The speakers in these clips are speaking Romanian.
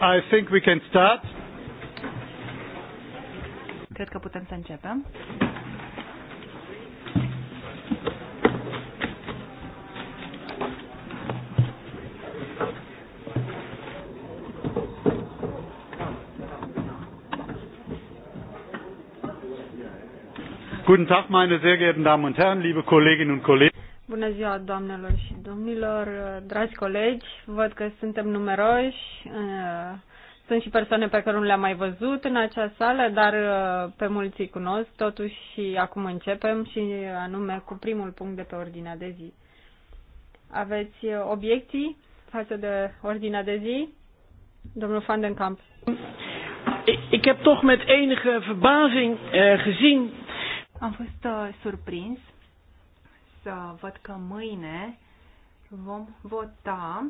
I think we can start. Cred că putem să începem. Guten Tag, meine sehr geehrten Damen und Herren, liebe Kolleginnen und Kollegen. Bună ziua, doamnelor și domnilor, dragi colegi, văd că suntem numeroși, uh, sunt și persoane pe care nu le-am mai văzut în acea sală, dar uh, pe mulți îi cunosc, totuși și acum începem și uh, anume cu primul punct de pe ordinea de zi. Aveți obiecții față de ordinea de zi? Domnul Van Ik, ik heb toch met enige verbazing eh, gezien am fost uh, surprins să văd că mâine vom vota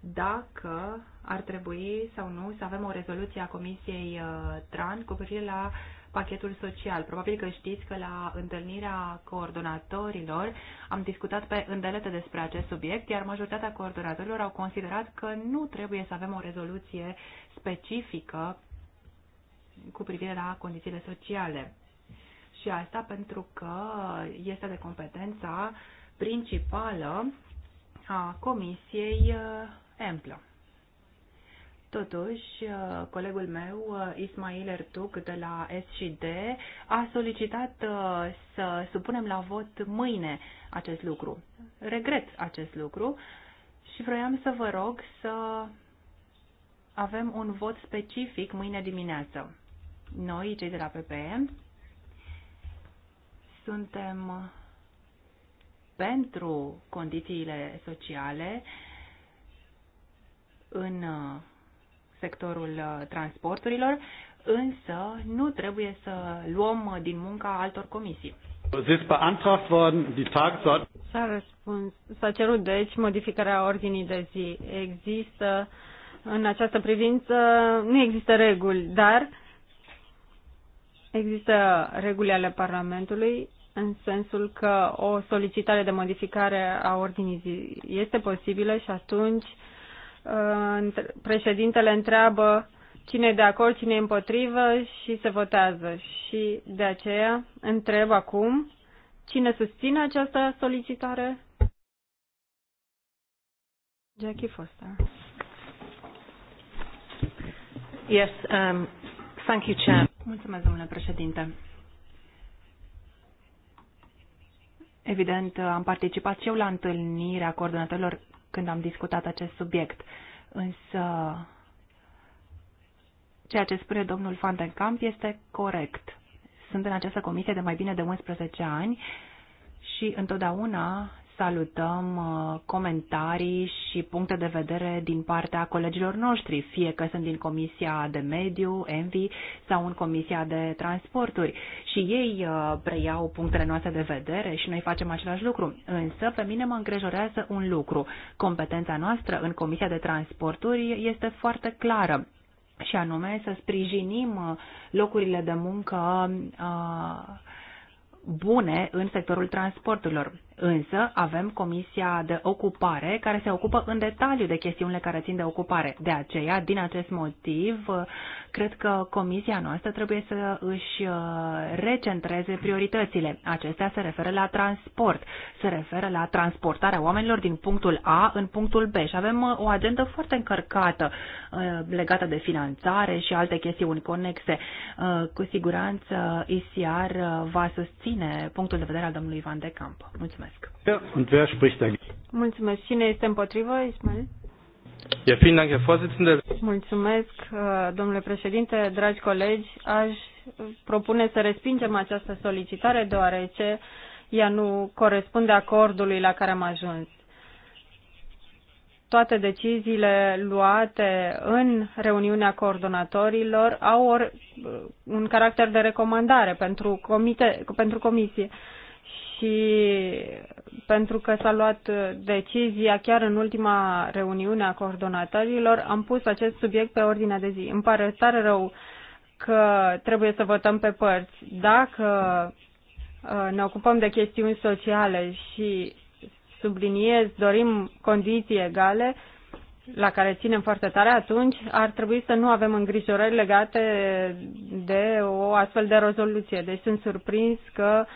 dacă ar trebui sau nu să avem o rezoluție a Comisiei uh, TRAN cu privire la pachetul social. Probabil că știți că la întâlnirea coordonatorilor am discutat pe îndelete despre acest subiect, iar majoritatea coordonatorilor au considerat că nu trebuie să avem o rezoluție specifică cu privire la condițiile sociale. Și asta pentru că este de competența principală a Comisiei eh, Emplă. Totuși, uh, colegul meu, uh, Ismail Ertuc, de la S&D, a solicitat uh, să supunem la vot mâine acest lucru. Regret acest lucru și vroiam să vă rog să avem un vot specific mâine dimineață. Noi, cei de la PPE, suntem pentru condițiile sociale în sectorul uh, transporturilor, însă nu trebuie să luăm din munca altor comisii. S-a răspuns, s-a cerut deci modificarea ordinii de zi. Există în această privință, nu există reguli, dar există reguli ale Parlamentului în sensul că o solicitare de modificare a ordinii zi este posibilă și atunci președintele întreabă cine e de acord, cine e împotrivă și se votează. Și de aceea întreb acum cine susține această solicitare? Jackie Foster. Yes, um, thank you, Chair. Mulțumesc, domnule președinte. Evident, am participat și eu la întâlnirea coordonatorilor când am discutat acest subiect. Însă ceea ce spune domnul Van den Kamp este corect. Sunt în această comisie de mai bine de 11 ani și întotdeauna salutăm uh, comentarii și puncte de vedere din partea colegilor noștri, fie că sunt din Comisia de Mediu, Envi sau în Comisia de Transporturi. Și ei uh, preiau punctele noastre de vedere și noi facem același lucru. Însă, pe mine mă îngrijorează un lucru. Competența noastră în Comisia de Transporturi este foarte clară și anume să sprijinim uh, locurile de muncă bune în sectorul transporturilor. Însă avem Comisia de Ocupare care se ocupă în detaliu de chestiunile care țin de ocupare. De aceea, din acest motiv, cred că Comisia noastră trebuie să își uh, recentreze prioritățile. Acestea se referă la transport, se referă la transportarea oamenilor din punctul A în punctul B și avem uh, o agendă foarte încărcată uh, legată de finanțare și alte chestiuni conexe. Cu siguranță ICR va susține punctul de vedere al domnului Van de Camp. Mulțumesc! Mulțumesc. Da, Mulțumesc. Cine este împotrivă, Ismail? Mulțumesc, uh, domnule președinte, dragi colegi. Aș propune să respingem această solicitare, deoarece ea nu corespunde acordului la care am ajuns. Toate deciziile luate în reuniunea coordonatorilor au uh, un caracter de recomandare pentru, comite, pentru comisie și pentru că s-a luat decizia chiar în ultima reuniune a coordonatorilor, am pus acest subiect pe ordinea de zi. Îmi pare tare rău că trebuie să votăm pe părți. Dacă uh, ne ocupăm de chestiuni sociale și subliniez, dorim condiții egale, la care ținem foarte tare, atunci ar trebui să nu avem îngrijorări legate de o astfel de rezoluție. Deci sunt surprins că uh,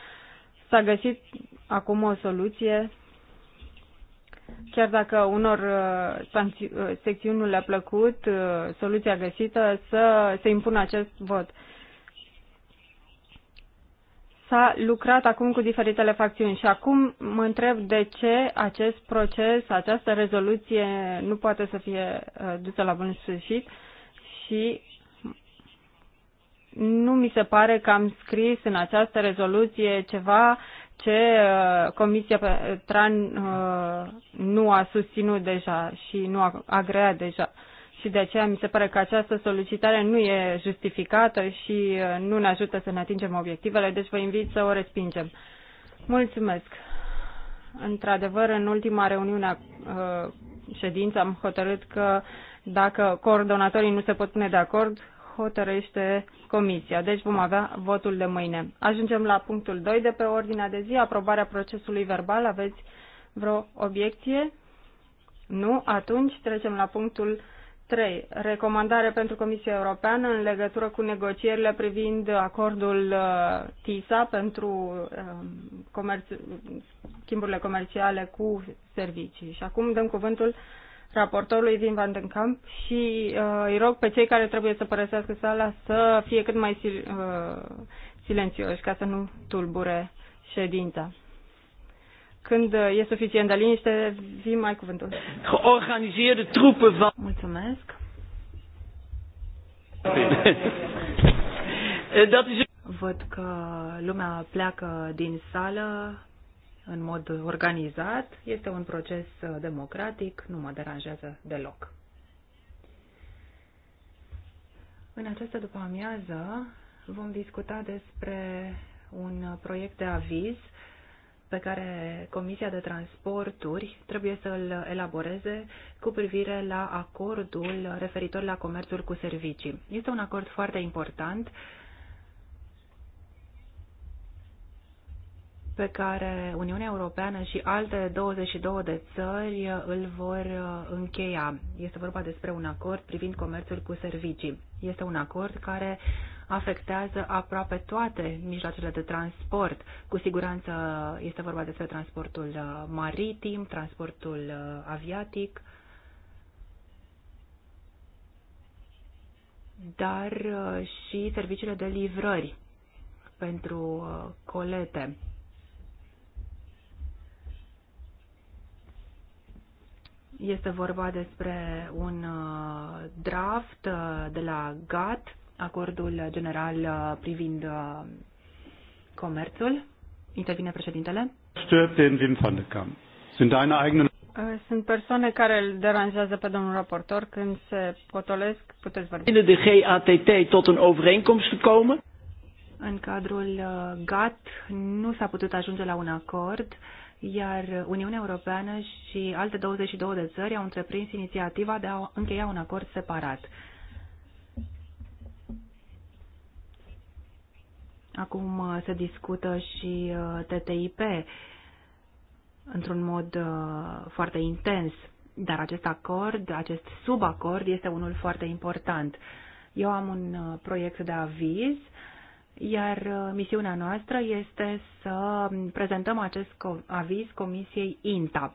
S-a găsit acum o soluție, chiar dacă unor uh, uh, secțiuni nu le-a plăcut uh, soluția găsită, să se impună acest vot. S-a lucrat acum cu diferitele facțiuni și acum mă întreb de ce acest proces, această rezoluție nu poate să fie dusă la bun sfârșit și nu mi se pare că am scris în această rezoluție ceva ce uh, Comisia Tran uh, nu a susținut deja și nu a agreat deja. Și de aceea mi se pare că această solicitare nu e justificată și uh, nu ne ajută să ne atingem obiectivele, deci vă invit să o respingem. Mulțumesc! Într-adevăr, în ultima reuniune a ședință am hotărât că dacă coordonatorii nu se pot pune de acord, hotărăște comisia. Deci vom avea votul de mâine. Ajungem la punctul 2 de pe ordinea de zi, aprobarea procesului verbal. Aveți vreo obiecție? Nu? Atunci trecem la punctul 3. Recomandare pentru Comisia Europeană în legătură cu negocierile privind acordul uh, TISA pentru um, comerț, schimburile comerciale cu servicii. Și acum dăm cuvântul uh, raportorului Vin Van den Kamp și uh, îi rog pe cei care trebuie să părăsească sala să fie cât mai sil, uh, silențioși ca să nu tulbure ședința. Când uh, e suficient de liniște, vii mai cuvântul. Organizeerde trupe van... Mulțumesc. Eh, Văd că lumea pleacă din sală în mod organizat, este un proces uh, democratic, nu mă deranjează deloc. În această după-amiază vom discuta despre un proiect de aviz pe care Comisia de Transporturi trebuie să îl elaboreze cu privire la acordul referitor la comerțul cu servicii. Este un acord foarte important pe care Uniunea Europeană și alte 22 de țări îl vor uh, încheia. Este vorba despre un acord privind comerțul cu servicii. Este un acord care afectează aproape toate mijloacele de transport. Cu siguranță este vorba despre transportul uh, maritim, transportul uh, aviatic, dar și serviciile de livrări pentru colete. Este vorba despre un uh, draft uh, de la GATT, acordul general uh, privind comerțul. Intervine președintele. Sunt persoane care îl deranjează pe domnul raportor când se potolesc, puteți vorbi. de GATT tot un overeenkomst gekomen? În cadrul GATT nu s-a putut ajunge la un acord iar Uniunea Europeană și alte 22 de țări au întreprins inițiativa de a încheia un acord separat. Acum uh, se discută și uh, TTIP într-un mod uh, foarte intens, dar acest acord, acest subacord este unul foarte important. Eu am un proiect de aviz uh, iar uh, misiunea noastră este să prezentăm acest aviz Comisiei INTA.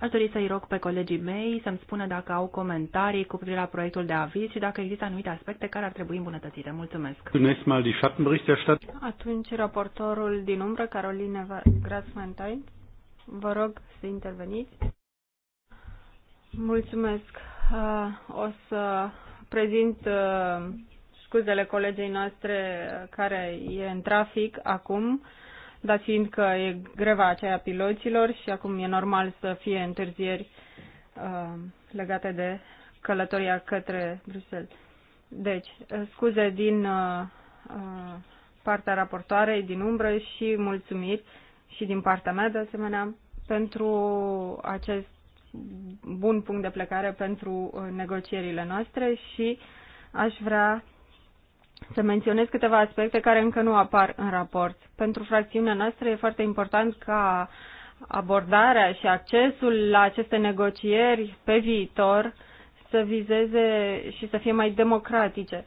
Aș dori să-i rog pe colegii mei să-mi spună dacă au comentarii cu privire la proiectul de aviz și dacă există anumite aspecte care ar trebui îmbunătățite. Mulțumesc. Atunci, raportorul din umbră, Caroline Grassmantain, vă rog să interveniți. Mulțumesc. Uh, o să prezint uh, scuzele colegei noastre care e în trafic acum, dar fiind că e greva aceea piloților și acum e normal să fie întârzieri uh, legate de călătoria către Bruxelles. Deci, uh, scuze din uh, uh, partea raportoarei, din umbră și mulțumiri și din partea mea, de asemenea, pentru acest bun punct de plecare pentru uh, negocierile noastre și aș vrea să menționez câteva aspecte care încă nu apar în raport. Pentru fracțiunea noastră e foarte important ca abordarea și accesul la aceste negocieri pe viitor să vizeze și să fie mai democratice.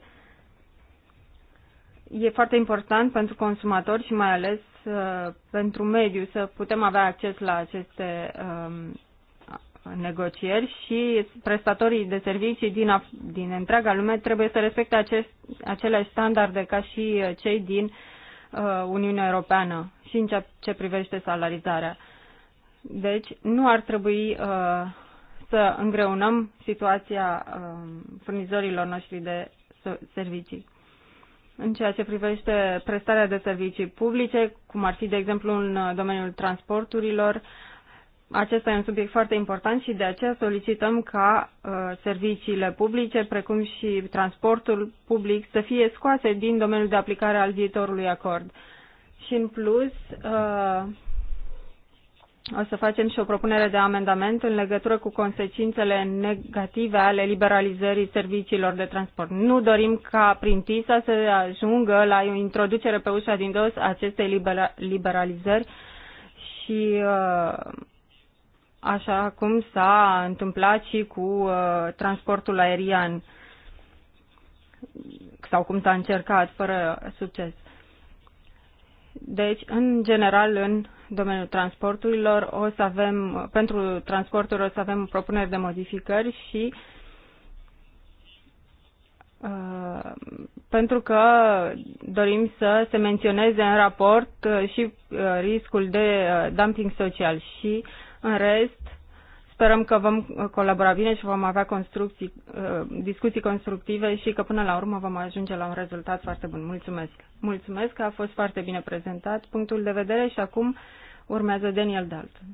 E foarte important pentru consumatori și mai ales uh, pentru mediu să putem avea acces la aceste um, negocieri și prestatorii de servicii din, din întreaga lume trebuie să respecte acest, aceleași standarde ca și uh, cei din uh, Uniunea Europeană și în ceea ce privește salarizarea. Deci nu ar trebui uh, să îngreunăm situația uh, furnizorilor noștri de servicii. În ceea ce privește prestarea de servicii publice, cum ar fi, de exemplu, în uh, domeniul transporturilor, uh, acesta e un subiect foarte important și de aceea solicităm ca uh, serviciile publice, precum și transportul public, să fie scoase din domeniul de aplicare al viitorului acord. Și în plus, uh, o să facem și o propunere de amendament în legătură cu consecințele negative ale liberalizării serviciilor de transport. Nu dorim ca prin TISA să ajungă la o introducere pe ușa din dos acestei liberalizări și uh, așa cum s-a întâmplat și cu uh, transportul aerian sau cum s-a încercat fără succes. Deci, în general, în domeniul transporturilor o să avem, pentru transporturi o să avem propuneri de modificări și uh, pentru că dorim să se menționeze în raport uh, și uh, riscul de uh, dumping social și uh, în rest, sperăm că vom colabora bine și vom avea construcții, uh, discuții constructive și că până la urmă vom ajunge la un rezultat foarte bun. Mulțumesc! Mulțumesc că a fost foarte bine prezentat punctul de vedere și acum urmează Daniel Dalton.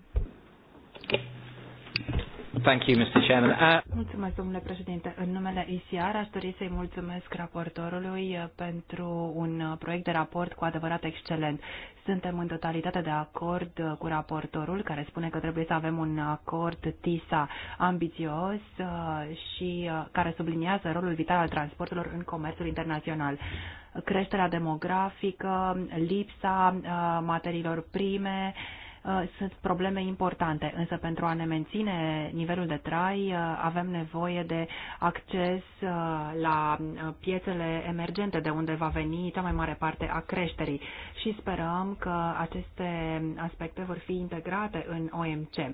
Thank you, Mr. Chairman. Uh, mulțumesc, domnule președinte. În numele ICR aș dori să-i mulțumesc raportorului uh, pentru un uh, proiect de raport cu adevărat excelent. Suntem în totalitate de acord cu raportorul care spune că trebuie să avem un acord TISA ambițios și care subliniază rolul vital al transporturilor în comerțul internațional. Creșterea demografică, lipsa materiilor prime, Uh, sunt probleme importante, însă pentru a ne menține nivelul de trai uh, avem nevoie de acces uh, la piețele emergente de unde va veni cea mai mare parte a creșterii și sperăm că aceste aspecte vor fi integrate în OMC.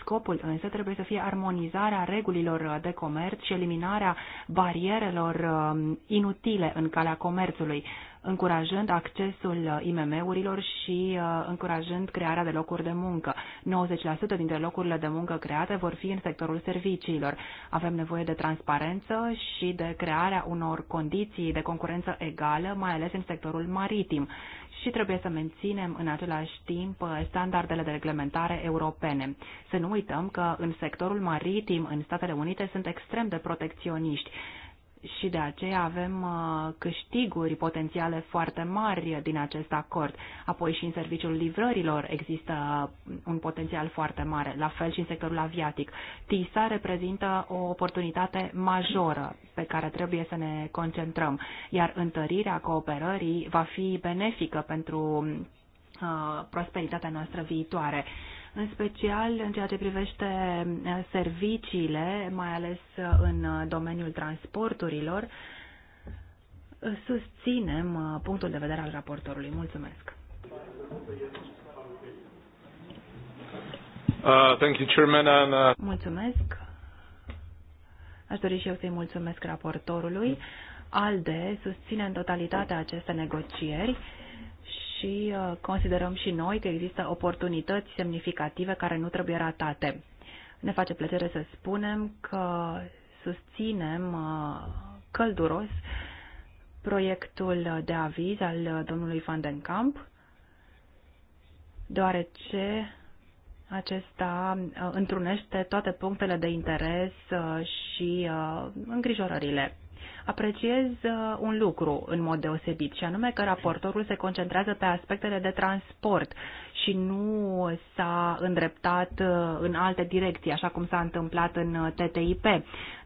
Scopul însă trebuie să fie armonizarea regulilor de comerț și eliminarea barierelor inutile în calea comerțului, încurajând accesul uh, IMM-urilor și uh, încurajând crearea de locuri de muncă. 90% dintre locurile de muncă create vor fi în sectorul serviciilor. Avem nevoie de transparență și de crearea unor condiții de concurență egală, mai ales în sectorul maritim și trebuie să menținem în același timp uh, standardele de reglementare europene. Să nu uităm că în sectorul maritim în Statele Unite sunt extrem de protecționiști și de aceea avem uh, câștiguri potențiale foarte mari din acest acord. Apoi și în serviciul livrărilor există un potențial foarte mare, la fel și în sectorul aviatic. TISA reprezintă o oportunitate majoră pe care trebuie să ne concentrăm, iar întărirea cooperării va fi benefică pentru uh, prosperitatea noastră viitoare în special în ceea ce privește eh, serviciile, mai ales eh, în eh, domeniul transporturilor. Susținem punctul de vedere al raportorului. Mulțumesc. Uh, thank you, Chairman, and, uh... Mulțumesc. Aș dori și eu să-i mulțumesc raportorului. ALDE susține în totalitate aceste negocieri și uh, considerăm și noi că există oportunități semnificative care nu trebuie ratate. Ne face plăcere să spunem că susținem uh, călduros proiectul de aviz al domnului Van den Kamp, deoarece acesta uh, întrunește toate punctele de interes și îngrijorările apreciez uh, un lucru în mod deosebit, și anume că raportorul se concentrează pe aspectele de transport și nu s-a îndreptat uh, în alte direcții, așa cum s-a întâmplat în uh, TTIP.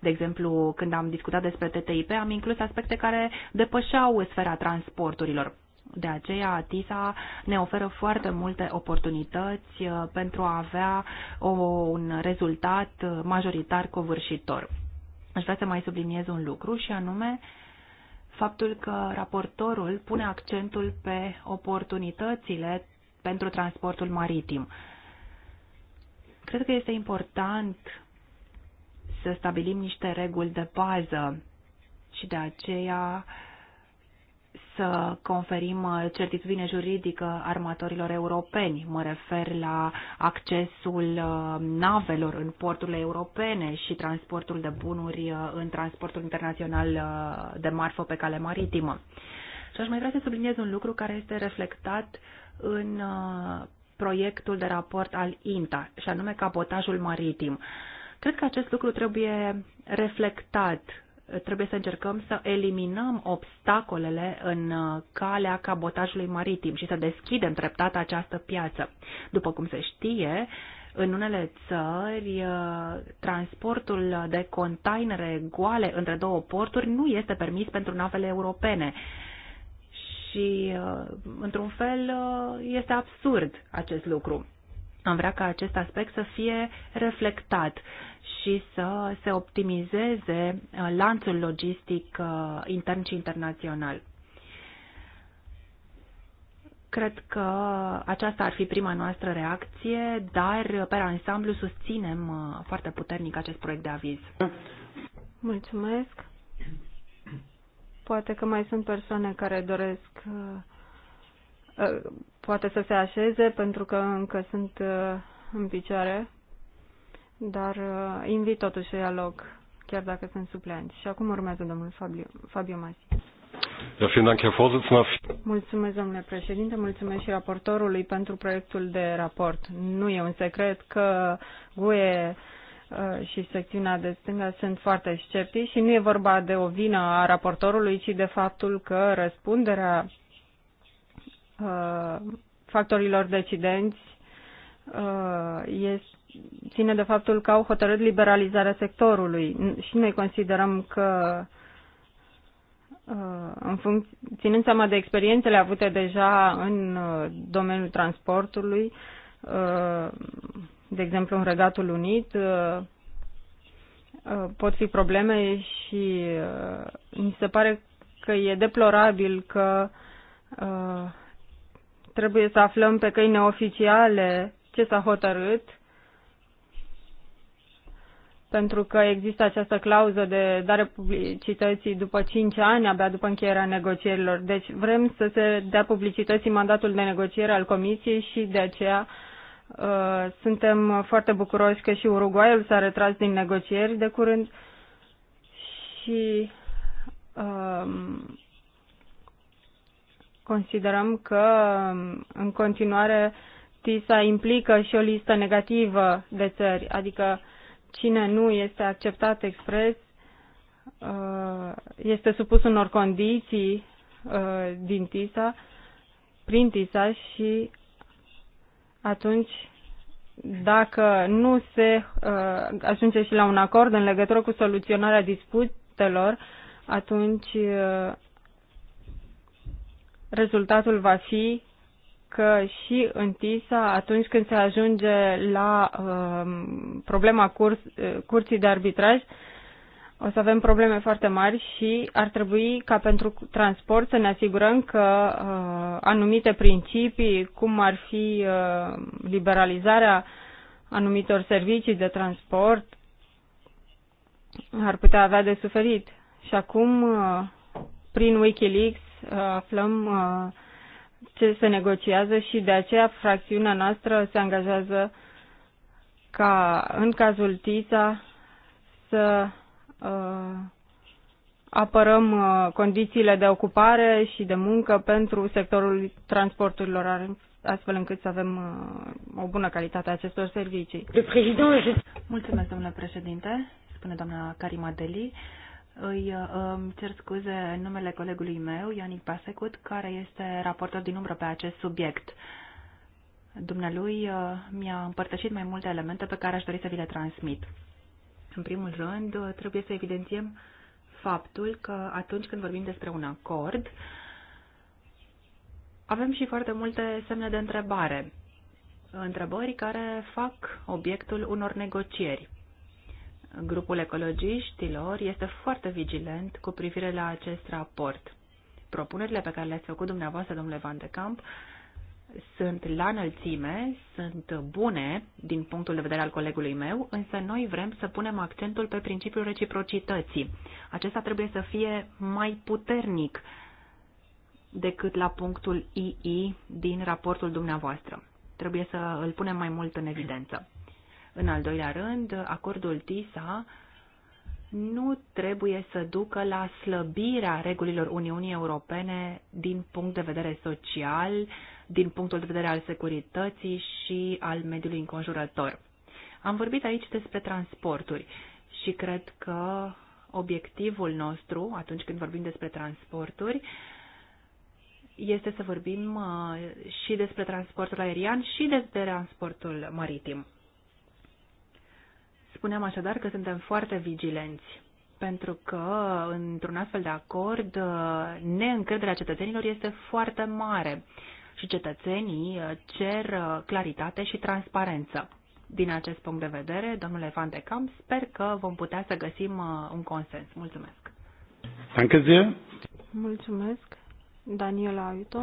De exemplu, când am discutat despre TTIP, am inclus aspecte care depășeau sfera transporturilor. De aceea, TISA ne oferă foarte multe oportunități pentru a avea o, un rezultat majoritar covârșitor. Aș vrea să mai subliniez un lucru și anume faptul că raportorul pune accentul pe oportunitățile pentru transportul maritim. Cred că este important să stabilim niște reguli de bază și de aceea uh, să conferim uh, certitudine juridică armatorilor europeni. Mă refer la accesul uh, navelor în porturile europene și transportul de bunuri uh, în transportul internațional de marfă pe cale maritimă. Și aș mai vrea să subliniez un lucru care este reflectat în proiectul de raport al INTA, și anume cabotajul maritim. Cred că acest lucru trebuie reflectat trebuie să încercăm să eliminăm obstacolele în uh, calea cabotajului maritim și să deschidem treptat această piață. După cum se știe, în unele țări, uh, transportul de containere goale între două porturi nu este permis pentru navele europene. Și, uh, într-un fel, este absurd acest lucru. Am vrea ca acest aspect să fie reflectat și să se optimizeze uh, lanțul logistic uh, intern și internațional. Cred că aceasta ar fi prima noastră reacție, dar uh, pe ansamblu susținem foarte puternic acest proiect de aviz. Mulțumesc. Poate că mai sunt persoane care doresc poate să se așeze pentru că încă sunt uh, în picioare, dar uh, invit totuși să ia loc, chiar dacă sunt supleanți. Și acum urmează domnul Fabio, Fabio Masi. Mulțumesc, domnule președinte, mulțumesc și raportorului pentru proiectul de raport. Nu e un secret că GUE uh, și secțiunea de stânga sunt foarte sceptici și nu e vorba de o vină a raportorului, ci de faptul că răspunderea Uh, factorilor decidenți este, uh, ține de faptul că au hotărât liberalizarea sectorului și noi considerăm că uh, în funcț, ținând seama de experiențele avute deja în domeniul transportului, de exemplu în Regatul Unit, pot fi probleme și mi se pare că e deplorabil că Trebuie să aflăm pe căi neoficiale ce s-a hotărât, pentru că există această clauză de dare publicității după 5 ani, abia după încheierea negocierilor. Deci vrem să se dea publicității mandatul de negociere al Comisiei și de aceea uh, suntem foarte bucuroși că și Uruguayul s-a retras din negocieri de curând și uh, considerăm că în continuare TISA implică și o listă negativă de țări, adică cine nu este acceptat expres uh, este supus unor condiții uh, din TISA, prin TISA și atunci dacă nu se uh, ajunge și la un acord în legătură cu soluționarea disputelor, atunci rezultatul va fi că și în TISA, atunci când se ajunge la uh, problema curs, uh, curții de arbitraj, o să avem probleme foarte mari și ar trebui ca pentru transport să ne asigurăm că uh, anumite principii, cum ar fi uh, liberalizarea anumitor servicii de transport, ar putea avea de suferit. Și acum, uh, prin Wikileaks, aflăm uh, ce se negociază și de aceea fracțiunea noastră se angajează ca în cazul TISA să uh, apărăm uh, condițiile de ocupare și de muncă pentru sectorul transporturilor, astfel încât să avem o bună calitate a acestor servicii. Mulțumesc, domnule președinte, spune doamna Karima Deli. Îi um, cer scuze în numele colegului meu, Ianic Pasecut, care este raportor din umbră pe acest subiect. Dumnealui uh, mi-a împărtășit mai multe elemente pe care aș dori să vi le transmit. În primul rând, uh, trebuie să evidențiem faptul că atunci când vorbim despre un acord, avem și foarte multe semne de întrebare. Întrebări care fac obiectul unor negocieri grupul ecologiștilor este foarte vigilent cu privire la acest raport. Propunerile pe care le-ați făcut dumneavoastră, domnule Van de Camp, sunt la înălțime, sunt bune din punctul de vedere al colegului meu, însă noi vrem să punem accentul pe principiul reciprocității. Acesta trebuie să fie mai puternic decât la punctul II din raportul dumneavoastră. Trebuie să îl punem mai mult în evidență. În al doilea rând, acordul TISA nu trebuie să ducă la slăbirea regulilor Uniunii Europene din punct de vedere social, din punctul de vedere al securității și al mediului înconjurător. Am vorbit aici despre transporturi și cred că obiectivul nostru, atunci când vorbim despre transporturi, este să vorbim uh, și despre transportul aerian și despre transportul maritim. Spuneam așadar că suntem foarte vigilenți pentru că într-un astfel de acord neîncrederea cetățenilor este foarte mare și cetățenii uh, cer uh, claritate și transparență. Din acest punct de vedere, domnule Van de Camp, sper că vom putea să găsim uh, un consens. Mulțumesc! Mulțumesc! Daniela Aiuto.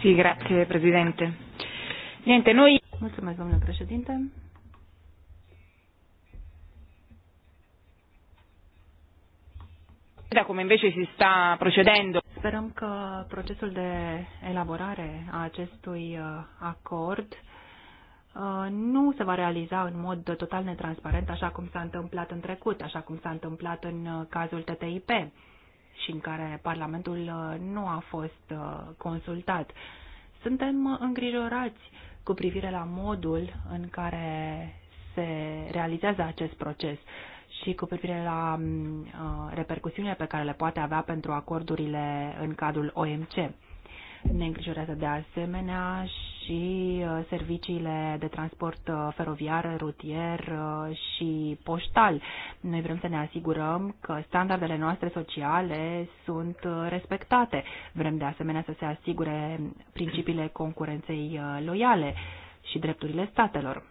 Sì, sí, grazie Presidente. Niente, noi... Mulțumesc, domnule președinte. Da, cum invece si sta procedendo. Sperăm că procesul de elaborare a acestui uh, acord uh, nu se va realiza în mod total netransparent, așa cum s-a întâmplat în trecut, așa cum s-a întâmplat în uh, cazul TTIP și în care Parlamentul nu a fost consultat. Suntem îngrijorați cu privire la modul în care se realizează acest proces și cu privire la mm, uh, repercusiunile pe care le poate avea pentru acordurile în cadrul OMC. Ne îngrijorează de asemenea și uh, serviciile de transport uh, feroviar, rutier și poștal. Noi vrem să ne asigurăm că standardele noastre sociale sunt respectate. Vrem de asemenea să se asigure principiile concurenței loiale și drepturile statelor.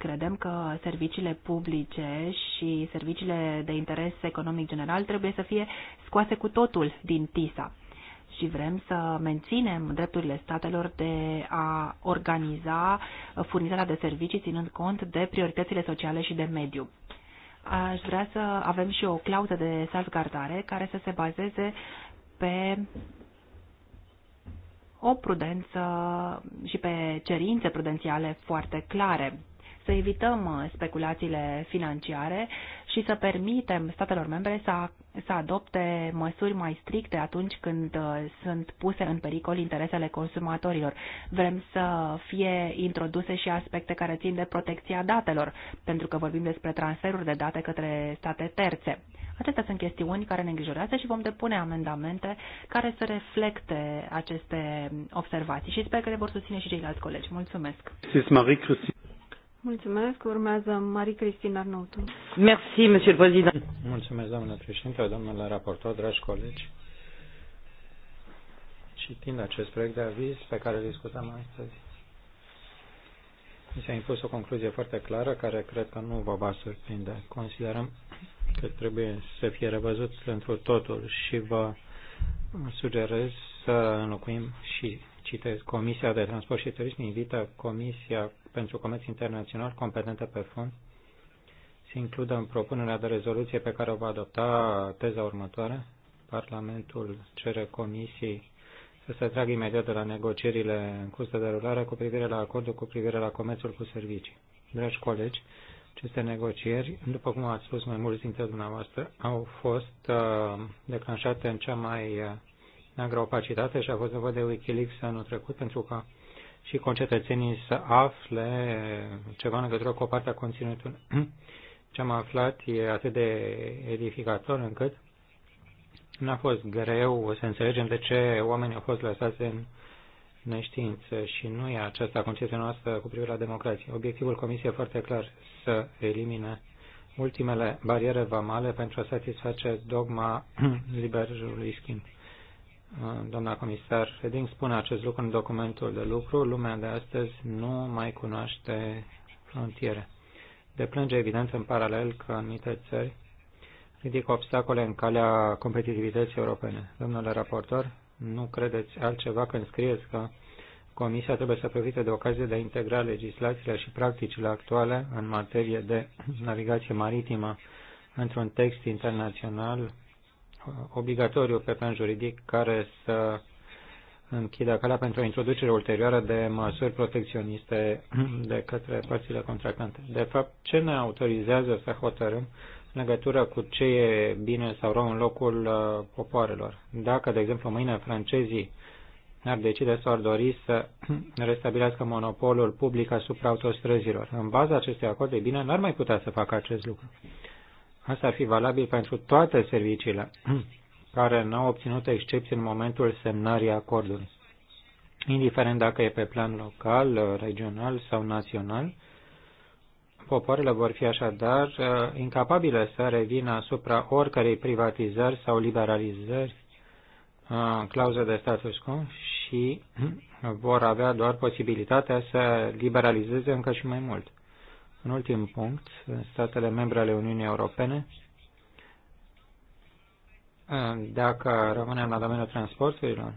Credem că serviciile publice și serviciile de interes economic general trebuie să fie scoase cu totul din TISA și vrem să menținem drepturile statelor de a organiza furnizarea de servicii ținând cont de prioritățile sociale și de mediu. Aș vrea să avem și o clauză de salvgardare care să se bazeze pe o prudență și pe cerințe prudențiale foarte clare să evităm uh, speculațiile financiare și să permitem statelor membre să, să adopte măsuri mai stricte atunci când uh, sunt puse în pericol interesele consumatorilor. Vrem să fie introduse și aspecte care țin de protecția datelor, pentru că vorbim despre transferuri de date către state terțe. Acestea sunt chestiuni care ne îngrijorează și vom depune amendamente care să reflecte aceste observații și sper că le vor susține și ceilalți colegi. Mulțumesc! Mulțumesc. Urmează Marie Cristina Arnautu. Merci, Monsieur le Président. Mulțumesc, doamnă președinte, domnule raportor, dragi colegi. Citind acest proiect de aviz pe care îl discutăm astăzi, mi s-a impus o concluzie foarte clară care cred că nu vă va surprinde. Considerăm că trebuie să fie revăzut pentru totul și vă sugerez să înlocuim și citez Comisia de Transport și Turism invită Comisia pentru Comerț Internațional competentă pe fond se includă în propunerea de rezoluție pe care o va adopta teza următoare. Parlamentul cere comisiei să se tragă imediat de la negocierile în curs de derulare cu privire la acordul cu privire la comerțul cu servicii. Dragi colegi, aceste negocieri, după cum ați spus mai mulți dintre dumneavoastră, au fost uh, declanșate în cea mai uh, neagră opacitate și a fost nevoie de Wikileaks anul trecut pentru că și concetățenii să afle ceva în legătură cu o parte a conținutului. Ce am aflat e atât de edificator încât n-a fost greu să înțelegem de ce oamenii au fost lăsați în neștiință și nu e aceasta concepția noastră cu privire la democrație. Obiectivul Comisiei e foarte clar, să elimine ultimele bariere vamale pentru a satisface dogma liberului schimb doamna comisar Reding spune acest lucru în documentul de lucru, lumea de astăzi nu mai cunoaște frontiere. Deplânge evident în paralel că anumite țări ridică obstacole în calea competitivității europene. Domnule raportor, nu credeți altceva când scrieți că Comisia trebuie să profite de ocazie de a integra legislațiile și practicile actuale în materie de navigație maritimă într-un text internațional Uh, obligatoriu pe plan juridic care să închidă calea pentru introducerea ulterioară de măsuri protecționiste de către părțile contractante. De fapt, ce ne autorizează să hotărâm în legătură cu ce e bine sau rău în locul uh, popoarelor? Dacă, de exemplu, mâine francezii ar decide sau ar dori să restabilească monopolul public asupra autostrăzilor. În baza acestui acord, e bine, n-ar mai putea să facă acest lucru. Asta ar fi valabil pentru toate serviciile care n-au obținut excepții în momentul semnării acordului, indiferent dacă e pe plan local, regional sau național, popoarele vor fi așadar uh, incapabile să revină asupra oricărei privatizări sau liberalizări uh, clauze de status quo și vor avea doar posibilitatea să liberalizeze încă și mai mult. În ultim punct, statele membre ale Uniunii Europene, dacă rămânem la domeniul transporturilor,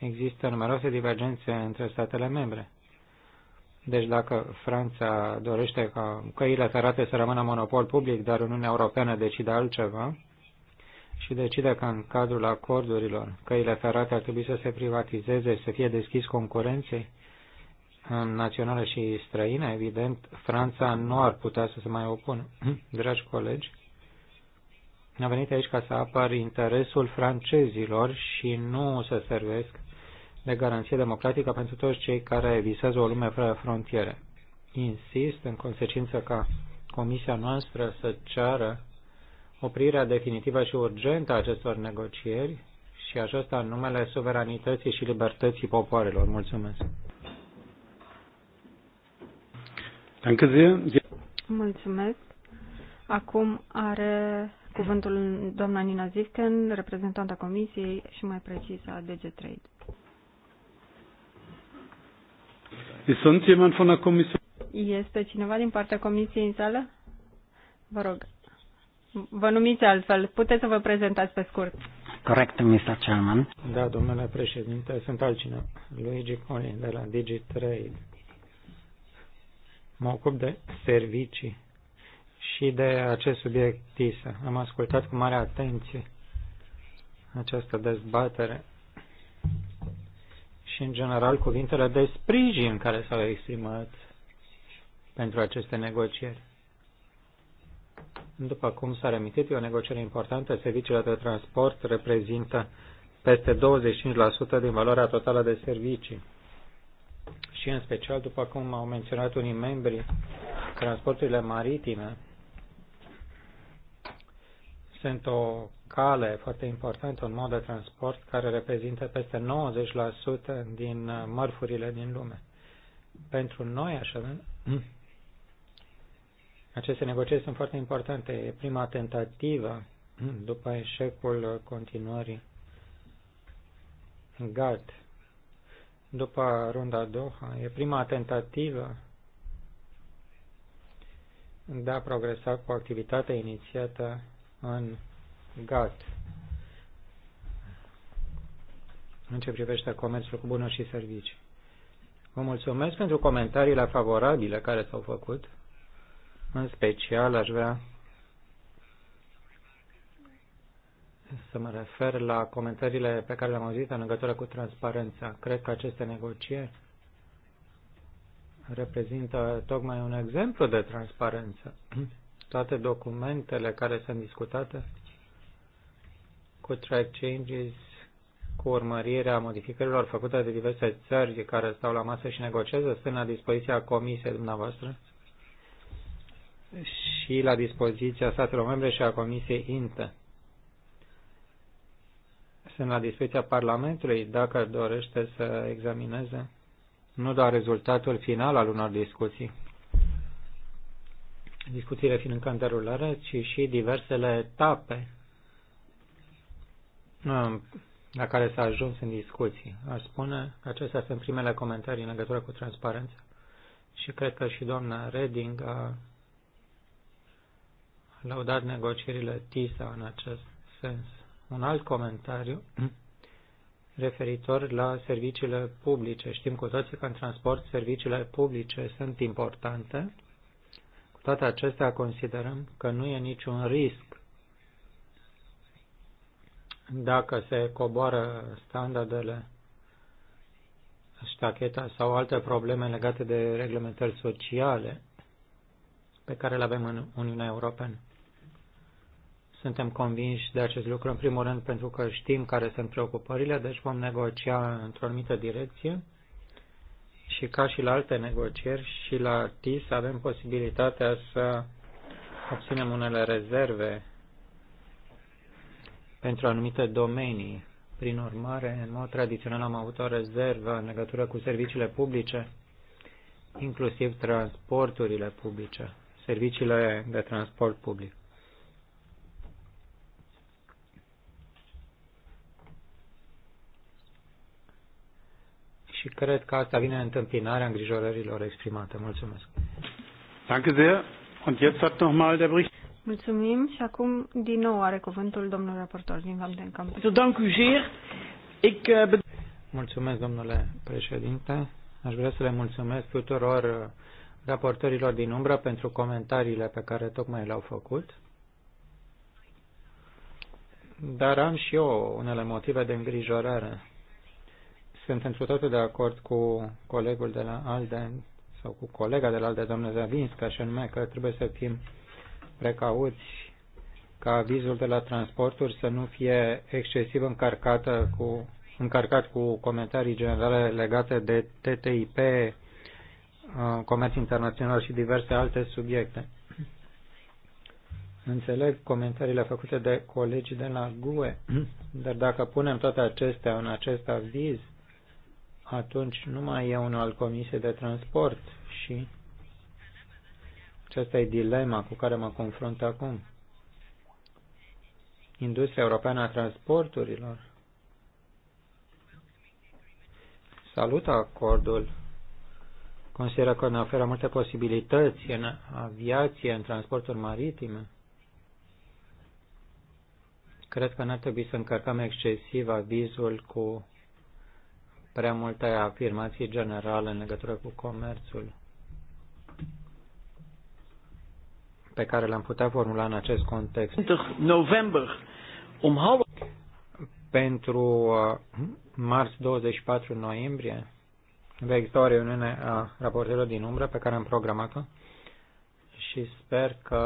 există numeroase divergențe între statele membre. Deci dacă Franța dorește ca căile ferate să rămână monopol public, dar Uniunea Europeană decide altceva și decide că în cadrul acordurilor căile ferate ar trebui să se privatizeze, să fie deschis concurenței, naționale și străine, evident, Franța nu ar putea să se mai opună. Dragi colegi, am venit aici ca să apar interesul francezilor și nu să servesc de garanție democratică pentru toți cei care visează o lume fără frontiere. Insist în consecință ca comisia noastră să ceară oprirea definitivă și urgentă a acestor negocieri și aceasta în numele suveranității și libertății popoarelor. Mulțumesc! Danke sehr. Mulțumesc. Acum are cuvântul doamna Nina Zisken, reprezentanta Comisiei și mai precis a DG Trade. Ist sonst jemand von der Kommission? Este cineva din partea Comisiei în sală? Vă rog. Vă numiți altfel. Puteți să vă prezentați pe scurt. Corect, Mr. Chairman. Da, domnule președinte, sunt altcineva. Luigi Coni, de la DigiTrade mă ocup de servicii și de acest subiect TISA. Am ascultat cu mare atenție această dezbatere și, în general, cuvintele de sprijin care s-au exprimat pentru aceste negocieri. După cum s-a remitit, e o negociere importantă. Serviciile de transport reprezintă peste 25% din valoarea totală de servicii și în special, după cum au menționat unii membri, transporturile maritime sunt o cale foarte importantă, un mod de transport care reprezintă peste 90% din mărfurile din lume. Pentru noi, așa, aceste negocieri sunt foarte importante. E prima tentativă după eșecul continuării GATT după runda a doua. E prima tentativă de a progresa cu activitatea inițiată în GATT. în ce privește comerțul cu bunuri și servicii. Vă mulțumesc pentru comentariile favorabile care s-au făcut. În special aș vrea să mă refer la comentariile pe care le-am auzit în legătură cu transparența. Cred că aceste negocieri reprezintă tocmai un exemplu de transparență. Toate documentele care sunt discutate cu track changes, cu urmărirea modificărilor făcute de diverse țări care stau la masă și negociază, sunt la dispoziția comisiei dumneavoastră și la dispoziția statelor membre și a comisiei INTE sunt la dispoziția Parlamentului dacă dorește să examineze nu doar rezultatul final al unor discuții, discuțiile fiind încă în derulare, ci și diversele etape um, la care s-a ajuns în discuții. Aș spune că acestea sunt primele comentarii în legătură cu transparența și cred că și doamna Reding a laudat negocierile TISA în acest sens. Un alt comentariu referitor la serviciile publice. Știm cu toții că în transport serviciile publice sunt importante. Cu toate acestea considerăm că nu e niciun risc dacă se coboară standardele ștacheta sau alte probleme legate de reglementări sociale pe care le avem în Uniunea Europeană. Suntem convinși de acest lucru, în primul rând, pentru că știm care sunt preocupările, deci vom negocia într-o anumită direcție și ca și la alte negocieri și la TIS avem posibilitatea să obținem unele rezerve pentru anumite domenii. Prin urmare, în mod tradițional am avut o rezervă în legătură cu serviciile publice, inclusiv transporturile publice, serviciile de transport public. cred că asta vine în întâmpinarea îngrijorărilor exprimate. Mulțumesc. Danke sehr. Und jetzt hat noch mal der Bericht. Mulțumim și acum din nou are cuvântul domnul raportor din Van den eh, Mulțumesc, domnule președinte. Aș vrea să le mulțumesc tuturor eh, raportorilor din umbră pentru comentariile pe care tocmai le-au făcut. Dar am și eu unele motive de îngrijorare sunt întru totul de acord cu colegul de la ALDE sau cu colega de la ALDE, domnul Zavinska, și numai că trebuie să fim precauți ca avizul de la transporturi să nu fie excesiv încărcată cu, încărcat cu comentarii generale legate de TTIP, uh, comerț internațional și diverse alte subiecte. Înțeleg comentariile făcute de colegii de la GUE, dar dacă punem toate acestea în acest aviz, atunci nu mai e un al comisie de Transport și aceasta e dilema cu care mă confrunt acum. Industria Europeană a Transporturilor salută acordul consideră că ne oferă multe posibilități în aviație, în transporturi maritime. Cred că n-ar trebui să încărcăm excesiv avizul cu prea multe afirmații generale în legătură cu comerțul pe care le-am putea formula în acest context. November, um halb... Pentru uh, marți 24 noiembrie va exista o reuniune a raportelor din umbră pe care am programat-o și sper că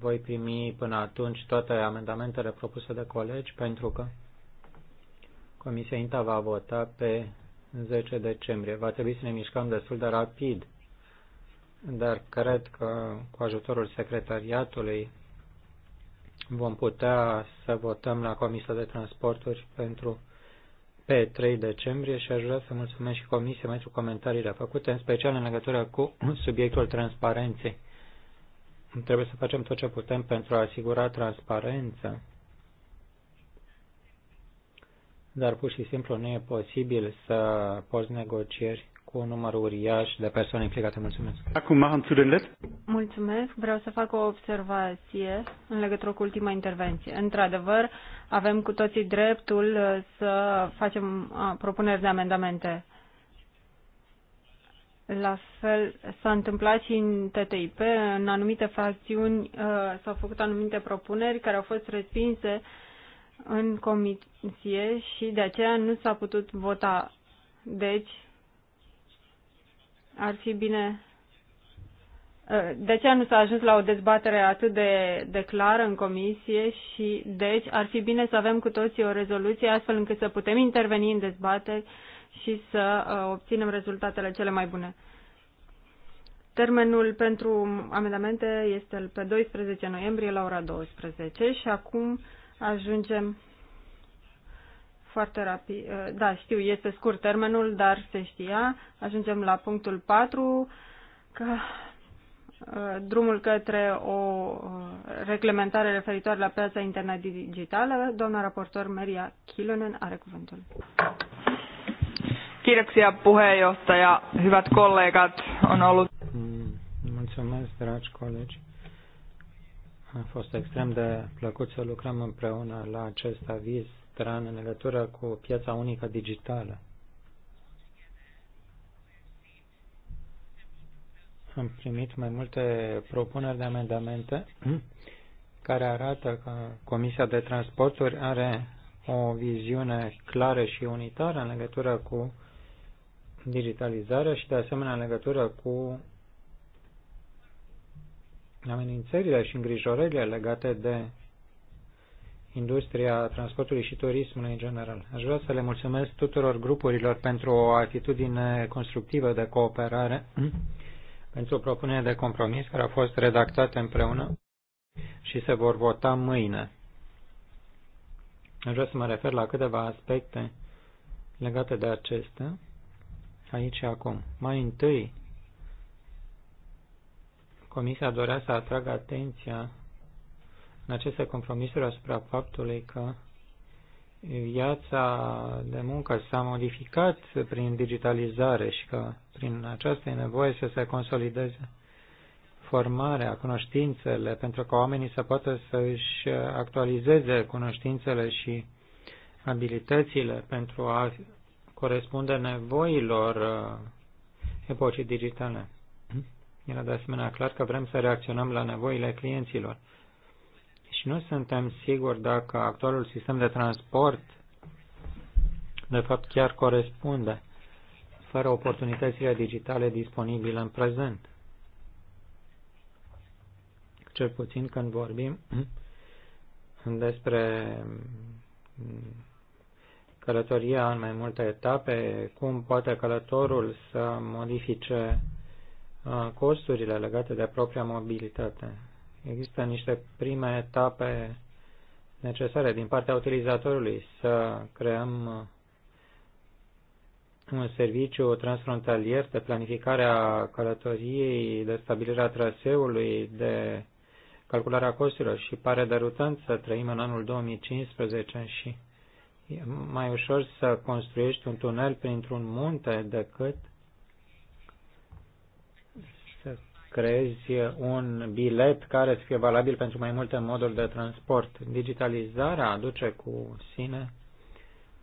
voi primi până atunci toate amendamentele propuse de colegi pentru că Comisia INTA va vota pe 10 decembrie. Va trebui să ne mișcăm destul de rapid, dar cred că cu ajutorul secretariatului vom putea să votăm la Comisia de Transporturi pentru pe 3 decembrie și aș vrea să mulțumesc și Comisia pentru comentariile făcute, în special în legătură cu subiectul transparenței. Trebuie să facem tot ce putem pentru a asigura transparență dar pur și simplu nu e posibil să poți negocieri cu un număr uriaș de persoane implicate. Mulțumesc. Acum Mahan student. Mulțumesc. Vreau să fac o observație în legătură cu ultima intervenție. Într-adevăr, avem cu toții dreptul să facem propuneri de amendamente. La fel s-a întâmplat și în TTIP. În anumite facțiuni s-au făcut anumite propuneri care au fost respinse în comisie și de aceea nu s-a putut vota. Deci, ar fi bine. Ă, de aceea nu s-a ajuns la o dezbatere atât de, de clară în comisie și deci ar fi bine să avem cu toții o rezoluție astfel încât să putem interveni în dezbatere și să ă, obținem rezultatele cele mai bune. Termenul pentru amendamente este pe 12 noiembrie la ora 12 și acum ajungem foarte rapid. Ă, da, știu, este scurt termenul, dar se știa. Ajungem la punctul 4, că drumul către o ă, reglementare referitoare la piața internet digitală. Doamna raportor Maria Kilonen are cuvântul. Kiitoksia puheenjohtaja, hyvät kollegat, on ollut... Mm, mulțumesc, dragi colegi. A fost extrem de plăcut să lucrăm împreună la acest aviz tran în legătură cu piața unică digitală. Am primit mai multe propuneri de amendamente care arată că Comisia de Transporturi are o viziune clară și unitară în legătură cu digitalizarea și de asemenea în legătură cu amenințările și îngrijorările legate de industria transportului și turismului în general. Aș vrea să le mulțumesc tuturor grupurilor pentru o atitudine constructivă de cooperare, pentru o propunere de compromis care a fost redactată împreună și se vor vota mâine. Aș vrea să mă refer la câteva aspecte legate de acestea, aici și acum. Mai întâi, Comisia dorea să atragă atenția în aceste compromisuri asupra faptului că viața de muncă s-a modificat prin digitalizare și că prin aceasta e nevoie să se consolideze formarea, cunoștințele, pentru că oamenii să poată să își actualizeze cunoștințele și abilitățile pentru a corespunde nevoilor epocii digitale. Era de asemenea clar că vrem să reacționăm la nevoile clienților. Și nu suntem siguri dacă actualul sistem de transport de fapt chiar corespunde fără oportunitățile digitale disponibile în prezent. Cel puțin când vorbim despre călătoria în mai multe etape, cum poate călătorul să modifice costurile legate de propria mobilitate. Există niște prime etape necesare din partea utilizatorului să creăm un serviciu transfrontalier de planificare a călătoriei, de stabilirea traseului, de calcularea costurilor și pare derutant să trăim în anul 2015 și e mai ușor să construiești un tunel printr-un munte decât creezi un bilet care să fie valabil pentru mai multe moduri de transport. Digitalizarea aduce cu sine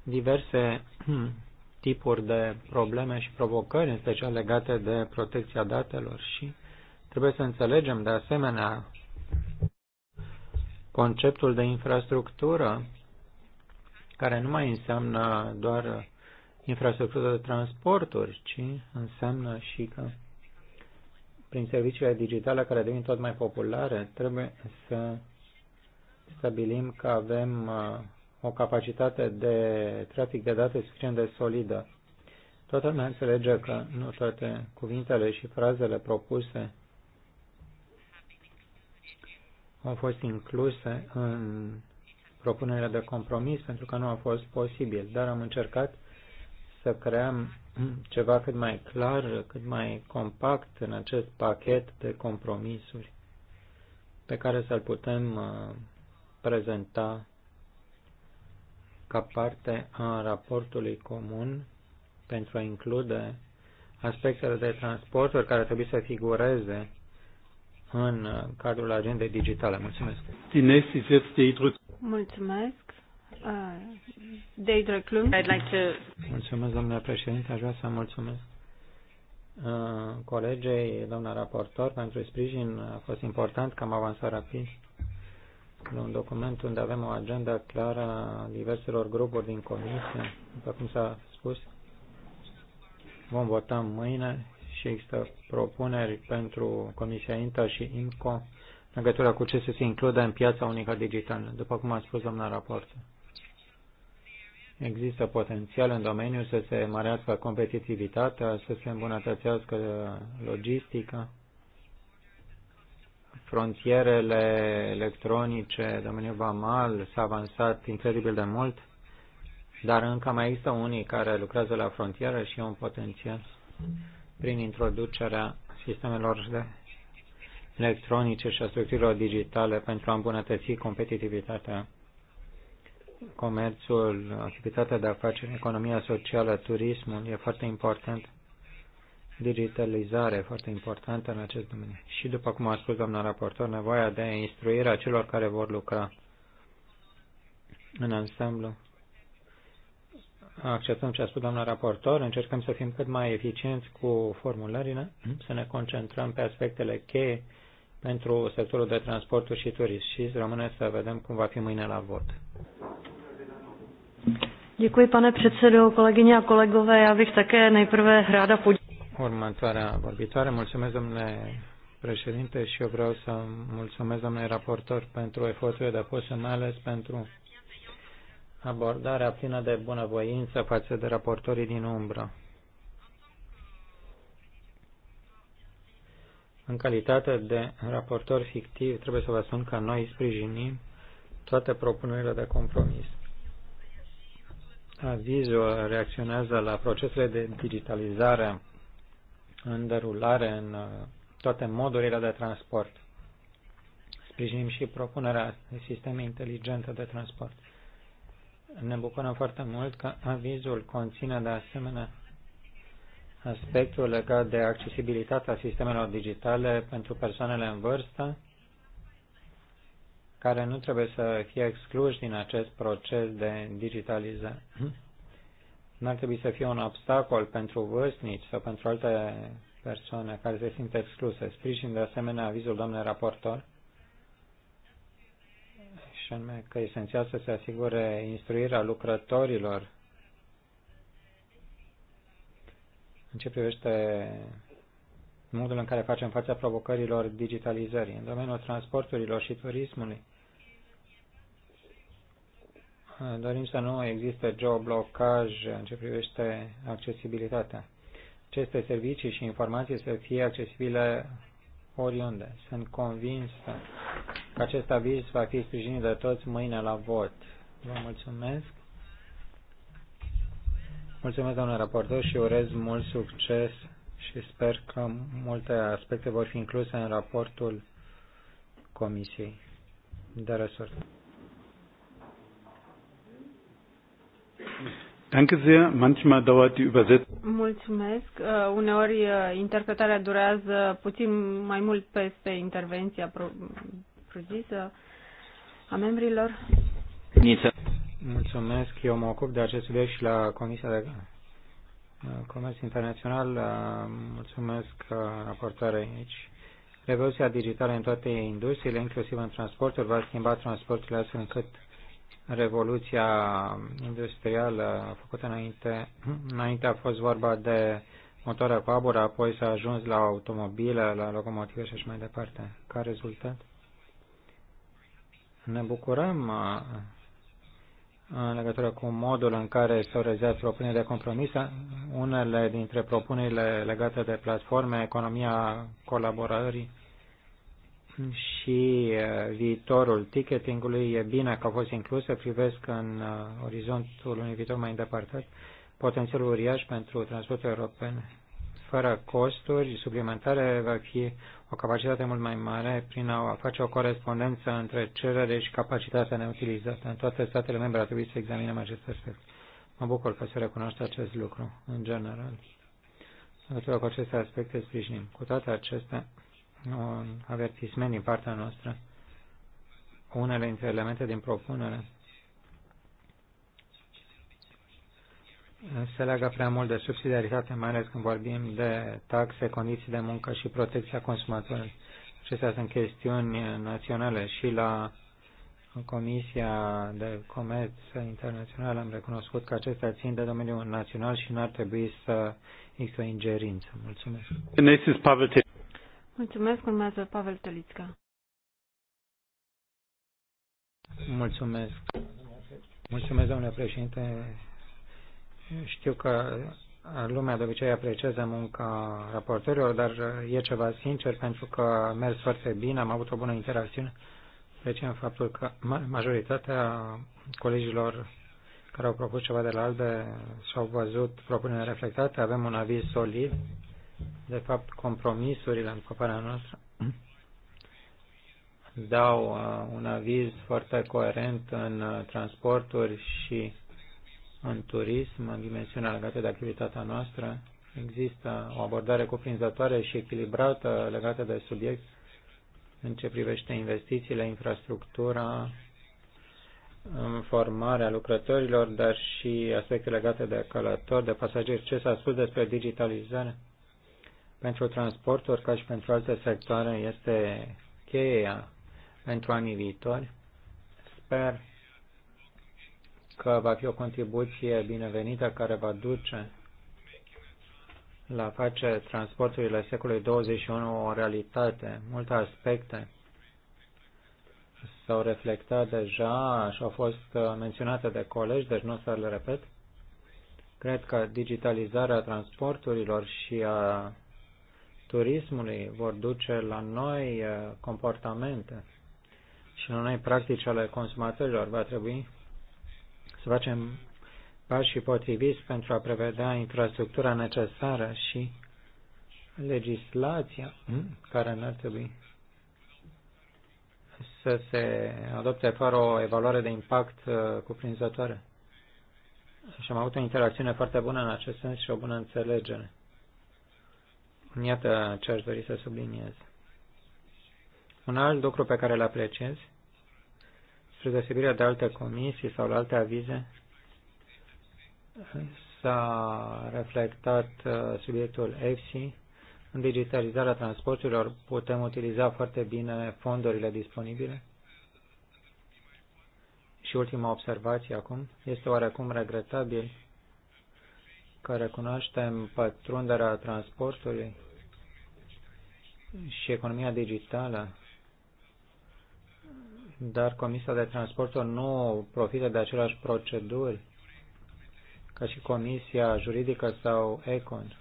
diverse tipuri de probleme și provocări, în special legate de protecția datelor și trebuie să înțelegem de asemenea conceptul de infrastructură care nu mai înseamnă doar infrastructură de transporturi, ci înseamnă și că prin serviciile digitale care devin tot mai populare, trebuie să stabilim că avem uh, o capacitate de trafic de date suficient de solidă. Toată lumea înțelege că nu toate cuvintele și frazele propuse au fost incluse în propunerea de compromis pentru că nu a fost posibil, dar am încercat să creăm ceva cât mai clar, cât mai compact în acest pachet de compromisuri pe care să-l putem uh, prezenta ca parte a raportului comun pentru a include aspectele de transporturi care trebuie să figureze în uh, cadrul agendei digitale. Mulțumesc! Mulțumesc! Uh, Deidre Klum. I'd like to... Mulțumesc, domnule președinte. Aș vrea să mulțumesc uh, colegei, doamna raportor, pentru sprijin. A fost important că am avansat rapid În un document unde avem o agenda clară a diverselor grupuri din comisie. După cum s-a spus, vom vota mâine și există propuneri pentru Comisia INTA și INCO în legătură cu ce să se includă în piața unică digitală, după cum a spus doamna raportor. Există potențial în domeniu să se mărească competitivitatea, să se îmbunătățească logistica, frontierele electronice, domeniul vamal s-a avansat incredibil de mult, dar încă mai există unii care lucrează la frontieră și au un potențial prin introducerea sistemelor de electronice și a structurilor digitale pentru a îmbunătăți competitivitatea comerțul, activitatea de afaceri, economia socială, turismul e foarte important. Digitalizare foarte importantă în acest domeniu. Și după cum a spus doamna raportor, nevoia de instruire a celor care vor lucra în ansamblu. Acceptăm ce a spus doamna raportor, încercăm să fim cât mai eficienți cu formulările, să ne concentrăm pe aspectele cheie pentru sectorul de transporturi și turism și rămâne să vedem cum va fi mâine la vot. Děkuji, pane předsedo, kolegyně a kolegové. Já bych také nejprve ráda poděkovala. Următoarea vorbitoare, mulțumesc, domnule președinte, și eu vreau să mulțumesc, domnule raportor, pentru eforturile depuse, mai ales pentru abordarea plină de bunăvoință față de raportorii din umbră. În calitate de raportor fictiv, trebuie să vă spun că noi sprijinim toate propunerile de compromis. Avizio reacționează la procesele de digitalizare în derulare în uh, toate modurile de transport. Sprijinim și propunerea de sisteme inteligente de transport. Ne bucurăm foarte mult că avizul conține de asemenea aspectul legat de accesibilitatea sistemelor digitale pentru persoanele în vârstă, care nu trebuie să fie excluși din acest proces de digitalizare. Nu ar trebui să fie un obstacol pentru vârstnici sau pentru alte persoane care se simt excluse. Sprijin de asemenea avizul domnului raportor și anume că e esențial să se asigure instruirea lucrătorilor în ce privește modul în care facem fața provocărilor digitalizării. În domeniul transporturilor și turismului dorim să nu existe geoblocaj în ce privește accesibilitatea. Aceste servicii și informații să fie accesibile oriunde. Sunt convins că acest aviz va fi sprijinit de toți mâine la vot. Vă mulțumesc. Mulțumesc, domnule raportor, și urez mult succes și sper că multe aspecte vor fi incluse în raportul Comisiei de Resort. Danke sehr. Manchmal dauert die Übersetzung. Mulțumesc. Uh, uneori uh, interpretarea durează puțin mai mult peste intervenția propriu a membrilor. Nița. Mulțumesc. Eu mă ocup de acest subiect și la Comisia de uh, Comerț Internațional. Uh, mulțumesc raportarea aici. Deci, revoluția digitală în toate industriile, inclusiv în transporturi, va schimba transporturile astfel încât revoluția industrială făcută înainte. Înainte a fost vorba de motoare cu abur, apoi s-a ajuns la automobile, la locomotive și așa mai departe. Ca rezultat? Ne bucurăm uh, în legătură cu modul în care s-au rezează propuneri de compromis, unele dintre propunerile legate de platforme, economia colaborării, și uh, viitorul ticketingului e bine că a fost să privesc în uh, orizontul unui viitor mai îndepărtat potențialul uriaș pentru transportul european fără costuri suplimentare va fi o capacitate mult mai mare prin a face o corespondență între cerere și capacitatea neutilizată. În toate statele membre ar trebui să examinăm acest aspect. Mă bucur că se recunoaște acest lucru, în general. În cu aceste aspecte sprijinim. Cu toate acestea, un avertisment din partea noastră. Unele dintre elemente din propunere se leagă prea mult de subsidiaritate, mai ales când vorbim de taxe, condiții de muncă și protecția consumatorilor. Acestea sunt chestiuni naționale și la Comisia de Comerț Internațional am recunoscut că acestea țin de domeniul național și nu ar trebui să există o ingerință. Mulțumesc. Mulțumesc, urmează Pavel Tălițca. Mulțumesc. Mulțumesc, domnule președinte. Știu că lumea de obicei apreciază munca raportorilor, dar e ceva sincer pentru că a mers foarte bine, am avut o bună interacțiune. Deci în faptul că majoritatea colegilor care au propus ceva de la albe și-au văzut propunerea reflectate, avem un aviz solid de fapt, compromisurile în scoparea noastră dau uh, un aviz foarte coerent în uh, transporturi și în turism, în dimensiunea legată de activitatea noastră. Există o abordare cuprinzătoare și echilibrată legată de subiect în ce privește investițiile, infrastructura, formarea lucrătorilor, dar și aspecte legate de călători, de pasageri. Ce s-a spus despre digitalizare? pentru transporturi ca și pentru alte sectoare este cheia pentru anii viitori. Sper că va fi o contribuție binevenită care va duce la face transporturile secolului 21 o realitate. Multe aspecte s-au reflectat deja și au fost menționate de colegi, deci nu o să le repet. Cred că digitalizarea transporturilor și a turismului vor duce la noi uh, comportamente și la noi practici ale consumatorilor. Va trebui să facem pașii potriviți pentru a prevedea infrastructura necesară și legislația mm, care n-ar trebui să se adopte fără o evaluare de impact uh, cuprinzătoare. Și am avut o interacțiune foarte bună în acest sens și o bună înțelegere. Iată ce aș dori să subliniez. Un alt lucru pe care îl apreciez, spre deosebire de alte comisii sau la alte avize, s-a reflectat uh, subiectul EFSI. În digitalizarea transporturilor putem utiliza foarte bine fondurile disponibile. Și ultima observație acum, este oarecum regretabil că recunoaștem pătrunderea transportului și economia digitală, dar Comisia de Transporturi nu profită de aceleași proceduri ca și Comisia Juridică sau ECON.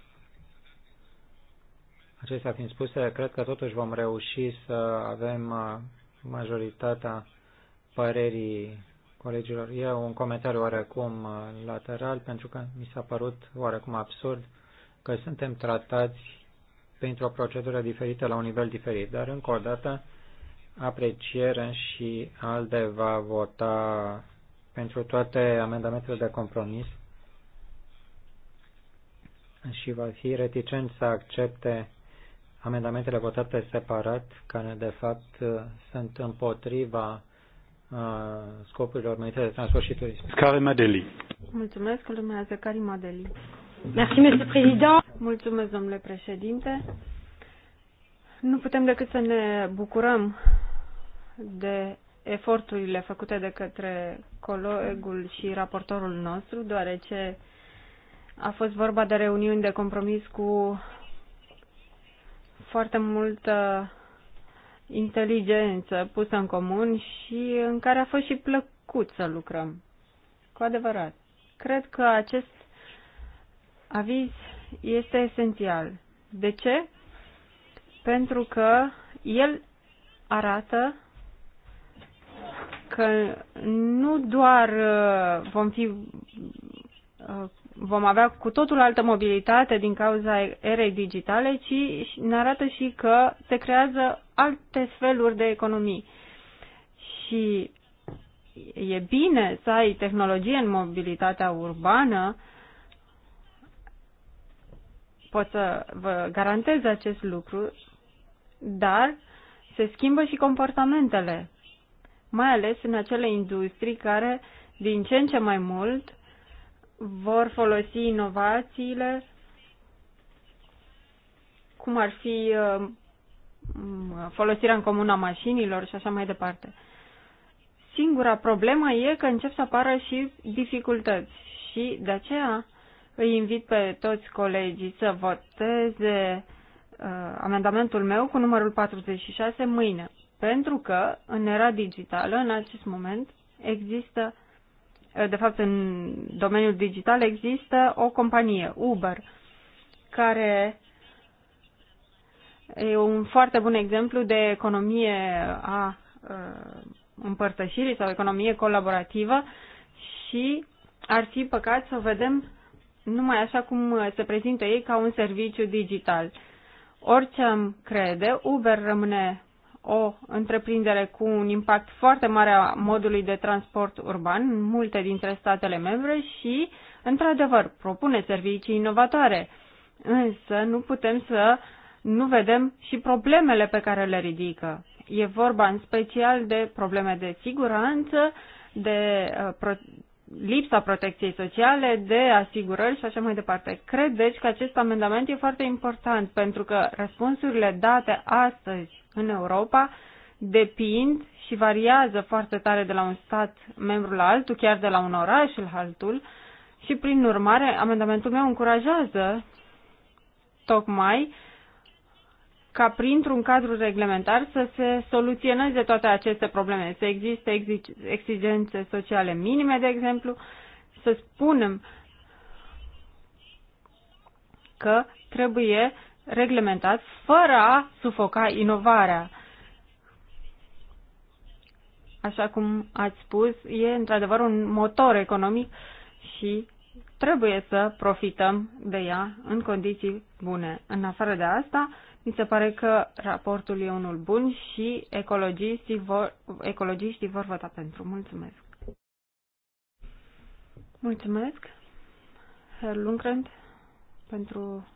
Acestea fiind spuse, cred că totuși vom reuși să avem uh, majoritatea părerii colegilor. E un comentariu oarecum lateral, pentru că mi s-a părut oarecum absurd că suntem tratați printr-o procedură diferită la un nivel diferit. Dar, încă o dată, apreciere și ALDE va vota pentru toate amendamentele de compromis și va fi reticent să accepte amendamentele votate separat, care de fapt sunt împotriva scopurilor menite de transport și turism. Karim Adeli. Mulțumesc, urmează Karim Adeli. Merci, Président. Mulțumesc, domnule președinte. Nu putem decât să ne bucurăm de eforturile făcute de către colegul și raportorul nostru, deoarece a fost vorba de reuniuni de compromis cu foarte multă inteligență pusă în comun și în care a fost și plăcut să lucrăm. Cu adevărat. Cred că acest aviz este esențial. De ce? Pentru că el arată că nu doar uh, vom fi uh, vom avea cu totul altă mobilitate din cauza erei digitale, ci ne arată și că se creează alte feluri de economii. Și e bine să ai tehnologie în mobilitatea urbană, pot să vă garantez acest lucru, dar se schimbă și comportamentele, mai ales în acele industrii care din ce în ce mai mult vor folosi inovațiile, cum ar fi uh, Mm, folosirea în comun a mașinilor și așa mai departe. Singura problemă e că încep să apară și dificultăți și de aceea îi invit pe toți colegii să voteze uh, amendamentul meu cu numărul 46 mâine, pentru că în era digitală, în acest moment, există, uh, de fapt în domeniul digital există o companie, Uber, care E un foarte bun exemplu de economie a uh, împărtășirii sau economie colaborativă și ar fi păcat să o vedem numai așa cum se prezintă ei ca un serviciu digital. Orice îmi crede, Uber rămâne o întreprindere cu un impact foarte mare a modului de transport urban în multe dintre statele membre și, într-adevăr, propune servicii inovatoare. Însă nu putem să nu vedem și problemele pe care le ridică. E vorba în special de probleme de siguranță, de uh, pro- lipsa protecției sociale, de asigurări și așa mai departe. Cred deci că acest amendament e foarte important pentru că răspunsurile date astăzi în Europa depind și variază foarte tare de la un stat membru la altul, chiar de la un oraș la altul și prin urmare amendamentul meu încurajează tocmai uh, ca printr-un cadru reglementar să se soluționeze toate aceste probleme, să existe exigențe sociale minime, de exemplu, să spunem că trebuie reglementat fără a sufoca inovarea. Așa cum ați spus, e într-adevăr un motor economic și trebuie să profităm de ea în condiții bune. În afară de asta, mi se pare că raportul e unul bun și ecologiștii vor, ecologiștii vor vota pentru. Mulțumesc! Mulțumesc, Herr Lundgren, pentru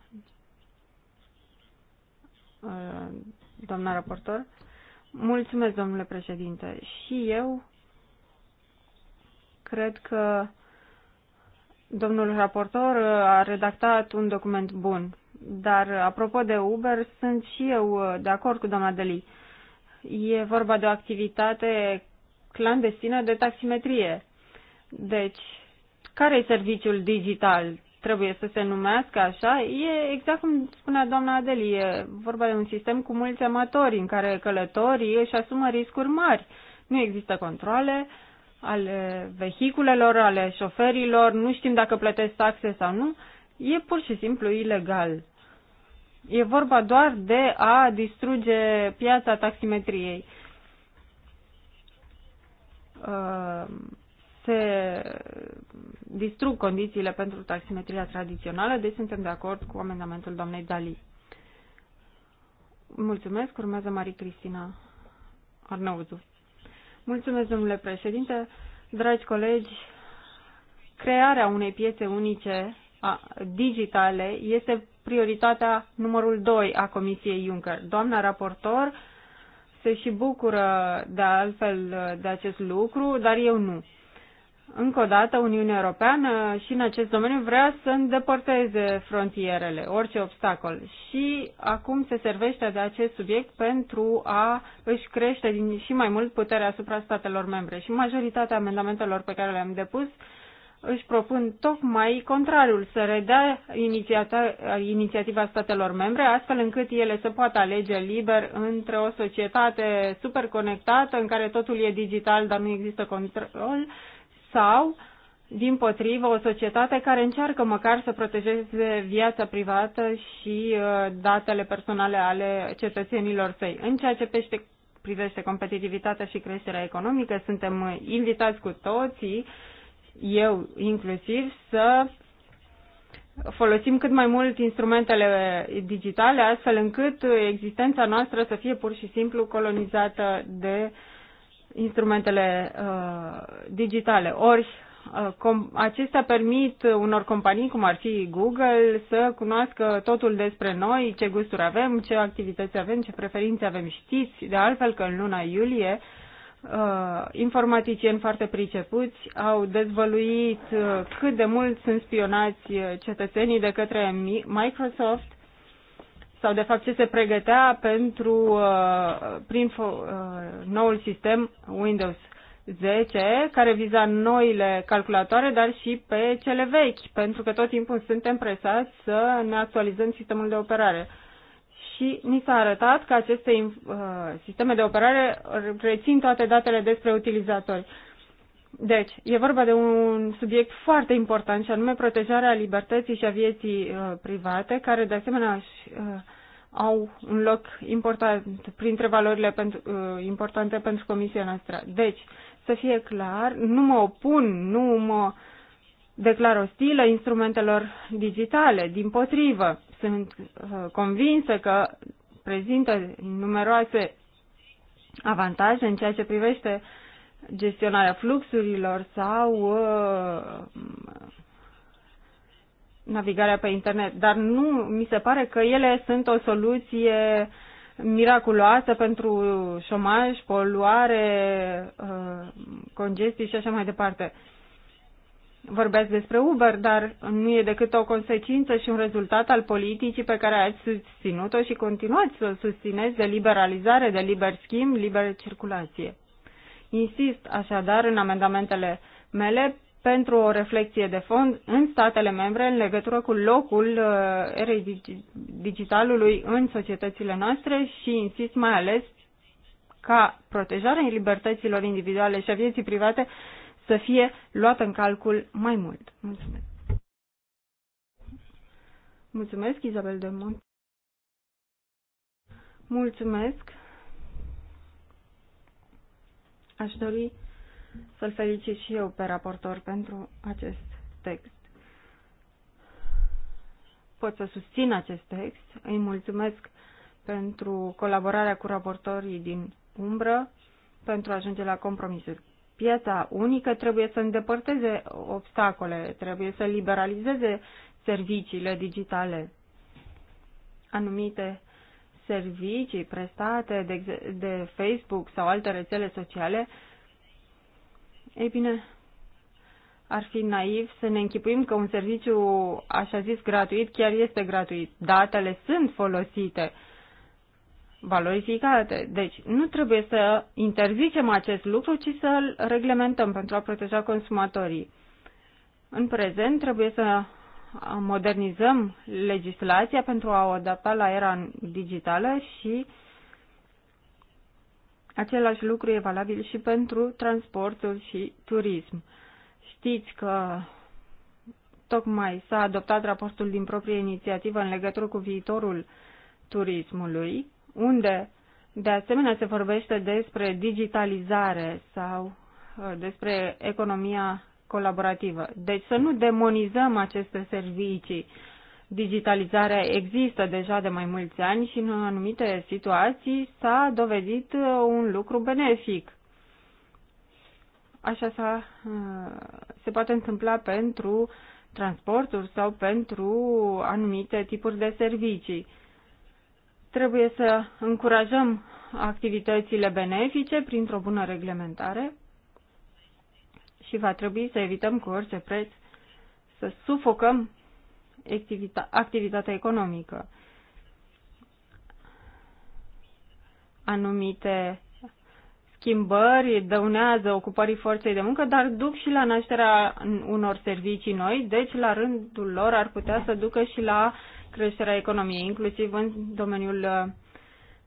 uh, doamna raportor. Mulțumesc, domnule președinte. Și eu cred că domnul raportor a redactat un document bun dar, apropo de Uber, sunt și eu uh, de acord cu doamna Deli. E vorba de o activitate clandestină de taximetrie. Deci, care e serviciul digital? Trebuie să se numească așa? E exact cum spunea doamna Adeli, e vorba de un sistem cu mulți amatori în care călătorii își asumă riscuri mari. Nu există controle ale vehiculelor, ale șoferilor, nu știm dacă plătesc taxe sau nu e pur și simplu ilegal. E vorba doar de a distruge piața taximetriei. Uh, se distrug condițiile pentru taximetria tradițională, deci suntem de acord cu amendamentul doamnei Dali. Mulțumesc. Urmează Marie Cristina Arnauzu. Mulțumesc, domnule președinte. Dragi colegi, crearea unei piețe unice digitale este prioritatea numărul 2 a Comisiei Juncker. Doamna raportor se și bucură de altfel de acest lucru, dar eu nu. Încă o dată, Uniunea Europeană și în acest domeniu vrea să îndepărteze frontierele, orice obstacol. Și acum se servește de acest subiect pentru a își crește din, și mai mult puterea asupra statelor membre. Și majoritatea amendamentelor pe care le-am depus uh, își propun tocmai contrariul, să redea inițiativa statelor membre, astfel încât ele să poată alege liber între o societate superconectată, în care totul e digital, dar nu există control, sau, din potrivă, o societate care încearcă măcar să protejeze viața privată și uh, datele personale ale cetățenilor săi. În ceea ce pește privește competitivitatea și creșterea economică, suntem invitați cu toții eu inclusiv, să folosim cât mai mult instrumentele digitale, astfel încât existența noastră să fie pur și simplu colonizată de instrumentele uh, digitale. Ori uh, com, acestea permit unor companii, cum ar fi Google, să cunoască totul despre noi, ce gusturi avem, ce activități avem, ce preferințe avem. Știți, de altfel, că în luna iulie uh, uh, informaticieni foarte pricepuți au dezvăluit uh, cât de mult sunt spionați uh, cetățenii de către Microsoft sau de fapt ce se pregătea pentru uh, prin uh, noul sistem Windows 10 care viza noile calculatoare, dar și pe cele vechi, pentru că tot timpul suntem presați să ne actualizăm sistemul de operare. Uh, și ni s-a arătat că aceste uh, sisteme de operare rețin toate datele despre utilizatori. Deci, e vorba de un subiect foarte important și anume protejarea libertății și a vieții uh, private, care de asemenea uh, au un loc important printre valorile pentru, uh, importante pentru comisia noastră. Deci, să fie clar, nu mă opun, nu mă uh, declar ostilă instrumentelor digitale. Din potrivă, sunt uh, convinsă că prezintă numeroase avantaje în ceea ce privește gestionarea fluxurilor sau uh, navigarea pe internet, dar nu mi se pare că ele sunt o soluție miraculoasă pentru șomaj, poluare, uh, congestii și așa mai departe vorbeați despre Uber, dar nu e decât o consecință și un rezultat al politicii pe care ați susținut-o și continuați să o susțineți de liberalizare, de liber schimb, liberă circulație. Insist așadar în amendamentele mele pentru o reflexie de fond în statele membre în legătură cu locul uh, erei digitalului în societățile noastre și insist mai ales ca protejarea libertăților individuale și a vieții private să fie luată în calcul mai mult. Mulțumesc! Mulțumesc, Isabel de Mont. Mulțumesc! Aș dori să-l felicit și eu pe raportor pentru acest text. Pot să susțin acest text. Îi mulțumesc pentru colaborarea cu raportorii din umbră pentru a ajunge la compromisuri Piața unică trebuie să îndepărteze obstacole, trebuie să liberalizeze serviciile digitale. Anumite servicii prestate de, de Facebook sau alte rețele sociale, ei bine, ar fi naiv să ne închipuim că un serviciu, așa zis, gratuit, chiar este gratuit. Datele sunt folosite. Uh, valorificate. Deci nu trebuie să interzicem acest lucru, ci să-l reglementăm pentru a proteja consumatorii. În prezent trebuie să modernizăm legislația pentru a o adapta la era digitală și același lucru e valabil și pentru transportul și turism. Știți că tocmai s-a adoptat raportul din proprie inițiativă în legătură cu viitorul turismului unde de asemenea se vorbește despre digitalizare sau uh, despre economia colaborativă. Deci să nu demonizăm aceste servicii. Digitalizarea există deja de mai mulți ani și în anumite situații s-a dovedit uh, un lucru benefic. Așa s-a, uh, se poate întâmpla pentru transporturi sau pentru anumite tipuri de servicii. Trebuie să încurajăm activitățile benefice printr-o bună reglementare și va trebui să evităm cu orice preț să sufocăm activita- activitatea economică. Anumite schimbări dăunează ocupării forței de muncă, dar duc și la nașterea unor servicii noi, deci la rândul lor ar putea să ducă și la uh, creșterea economiei, inclusiv în domeniul uh,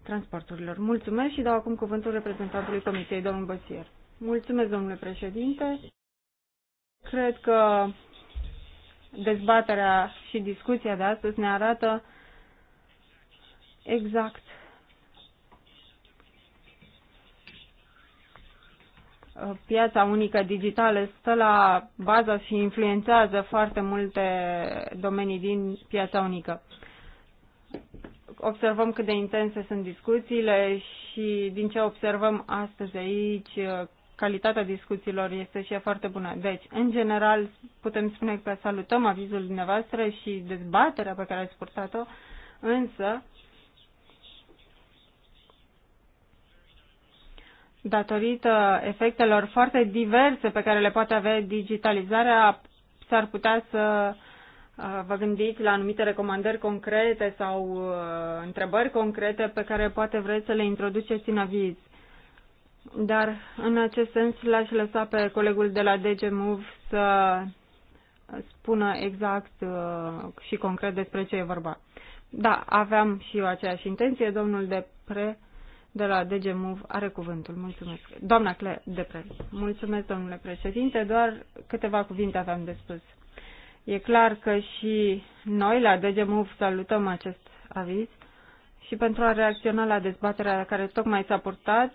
transporturilor. Mulțumesc și dau acum cuvântul reprezentantului Comisiei, domnul Băsier. Mulțumesc, domnule președinte. Cred că dezbaterea și discuția de astăzi ne arată exact piața unică digitală stă la bază și influențează foarte multe domenii din piața unică. Observăm cât de intense sunt discuțiile și din ce observăm astăzi aici, calitatea discuțiilor este și ea foarte bună. Deci, în general, putem spune că salutăm avizul dumneavoastră și dezbaterea pe care ați purtat-o, însă datorită efectelor foarte diverse pe care le poate avea digitalizarea, s-ar putea să uh, vă gândiți la anumite recomandări concrete sau uh, întrebări concrete pe care poate vreți să le introduceți în aviz. Dar în acest sens l-aș lăsa pe colegul de la DG Move să spună exact uh, și concret despre ce e vorba. Da, aveam și eu aceeași intenție, domnul de pre de la DG Move are cuvântul. Mulțumesc. Doamna Cle Depre. Mulțumesc, domnule președinte. Doar câteva cuvinte aveam de spus. E clar că și noi la DG Move salutăm acest aviz și pentru a reacționa la dezbaterea care tocmai s-a purtat,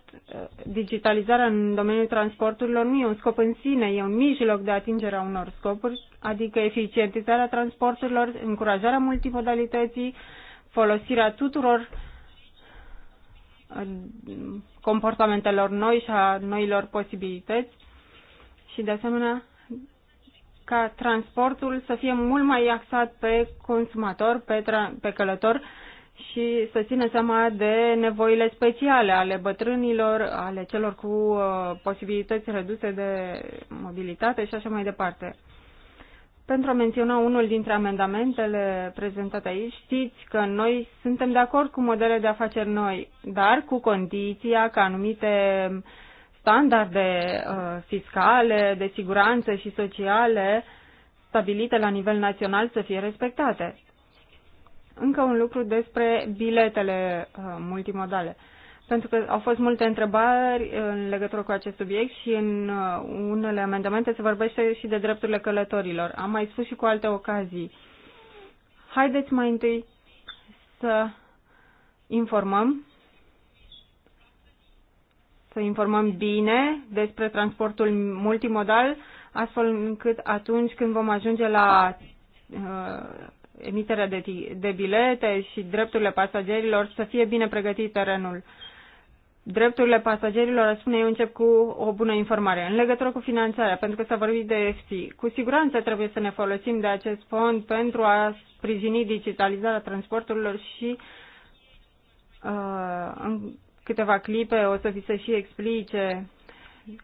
digitalizarea în domeniul transporturilor nu e un scop în sine, e un mijloc de atingere a unor scopuri, adică eficientizarea transporturilor, încurajarea multimodalității, folosirea tuturor comportamentelor noi și a noilor posibilități și, de asemenea, ca transportul să fie mult mai axat pe consumator, pe, pe călător și să țină seama de nevoile speciale ale bătrânilor, ale celor cu uh, posibilități reduse de mobilitate și așa mai departe. Pentru a menționa unul dintre amendamentele prezentate aici, știți că noi suntem de acord cu modele de afaceri noi, dar cu condiția ca anumite standarde uh, fiscale, de siguranță și sociale stabilite la nivel național să fie respectate. Încă un lucru despre biletele uh, multimodale. Uh, pentru că au fost multe întrebări în legătură cu acest subiect și în uh, unele amendamente se vorbește și de drepturile călătorilor. Am mai spus și cu alte ocazii. Haideți mai întâi să informăm să informăm bine despre transportul multimodal, astfel încât atunci când vom ajunge la uh, emiterea de, de bilete și drepturile pasagerilor să fie bine pregătit terenul drepturile pasagerilor, spune eu, încep cu o bună informare. În legătură cu finanțarea, pentru că s-a vorbit de FC, cu siguranță trebuie să ne folosim de acest fond pentru a sprijini digitalizarea transporturilor și uh, în câteva clipe o să vi se și explice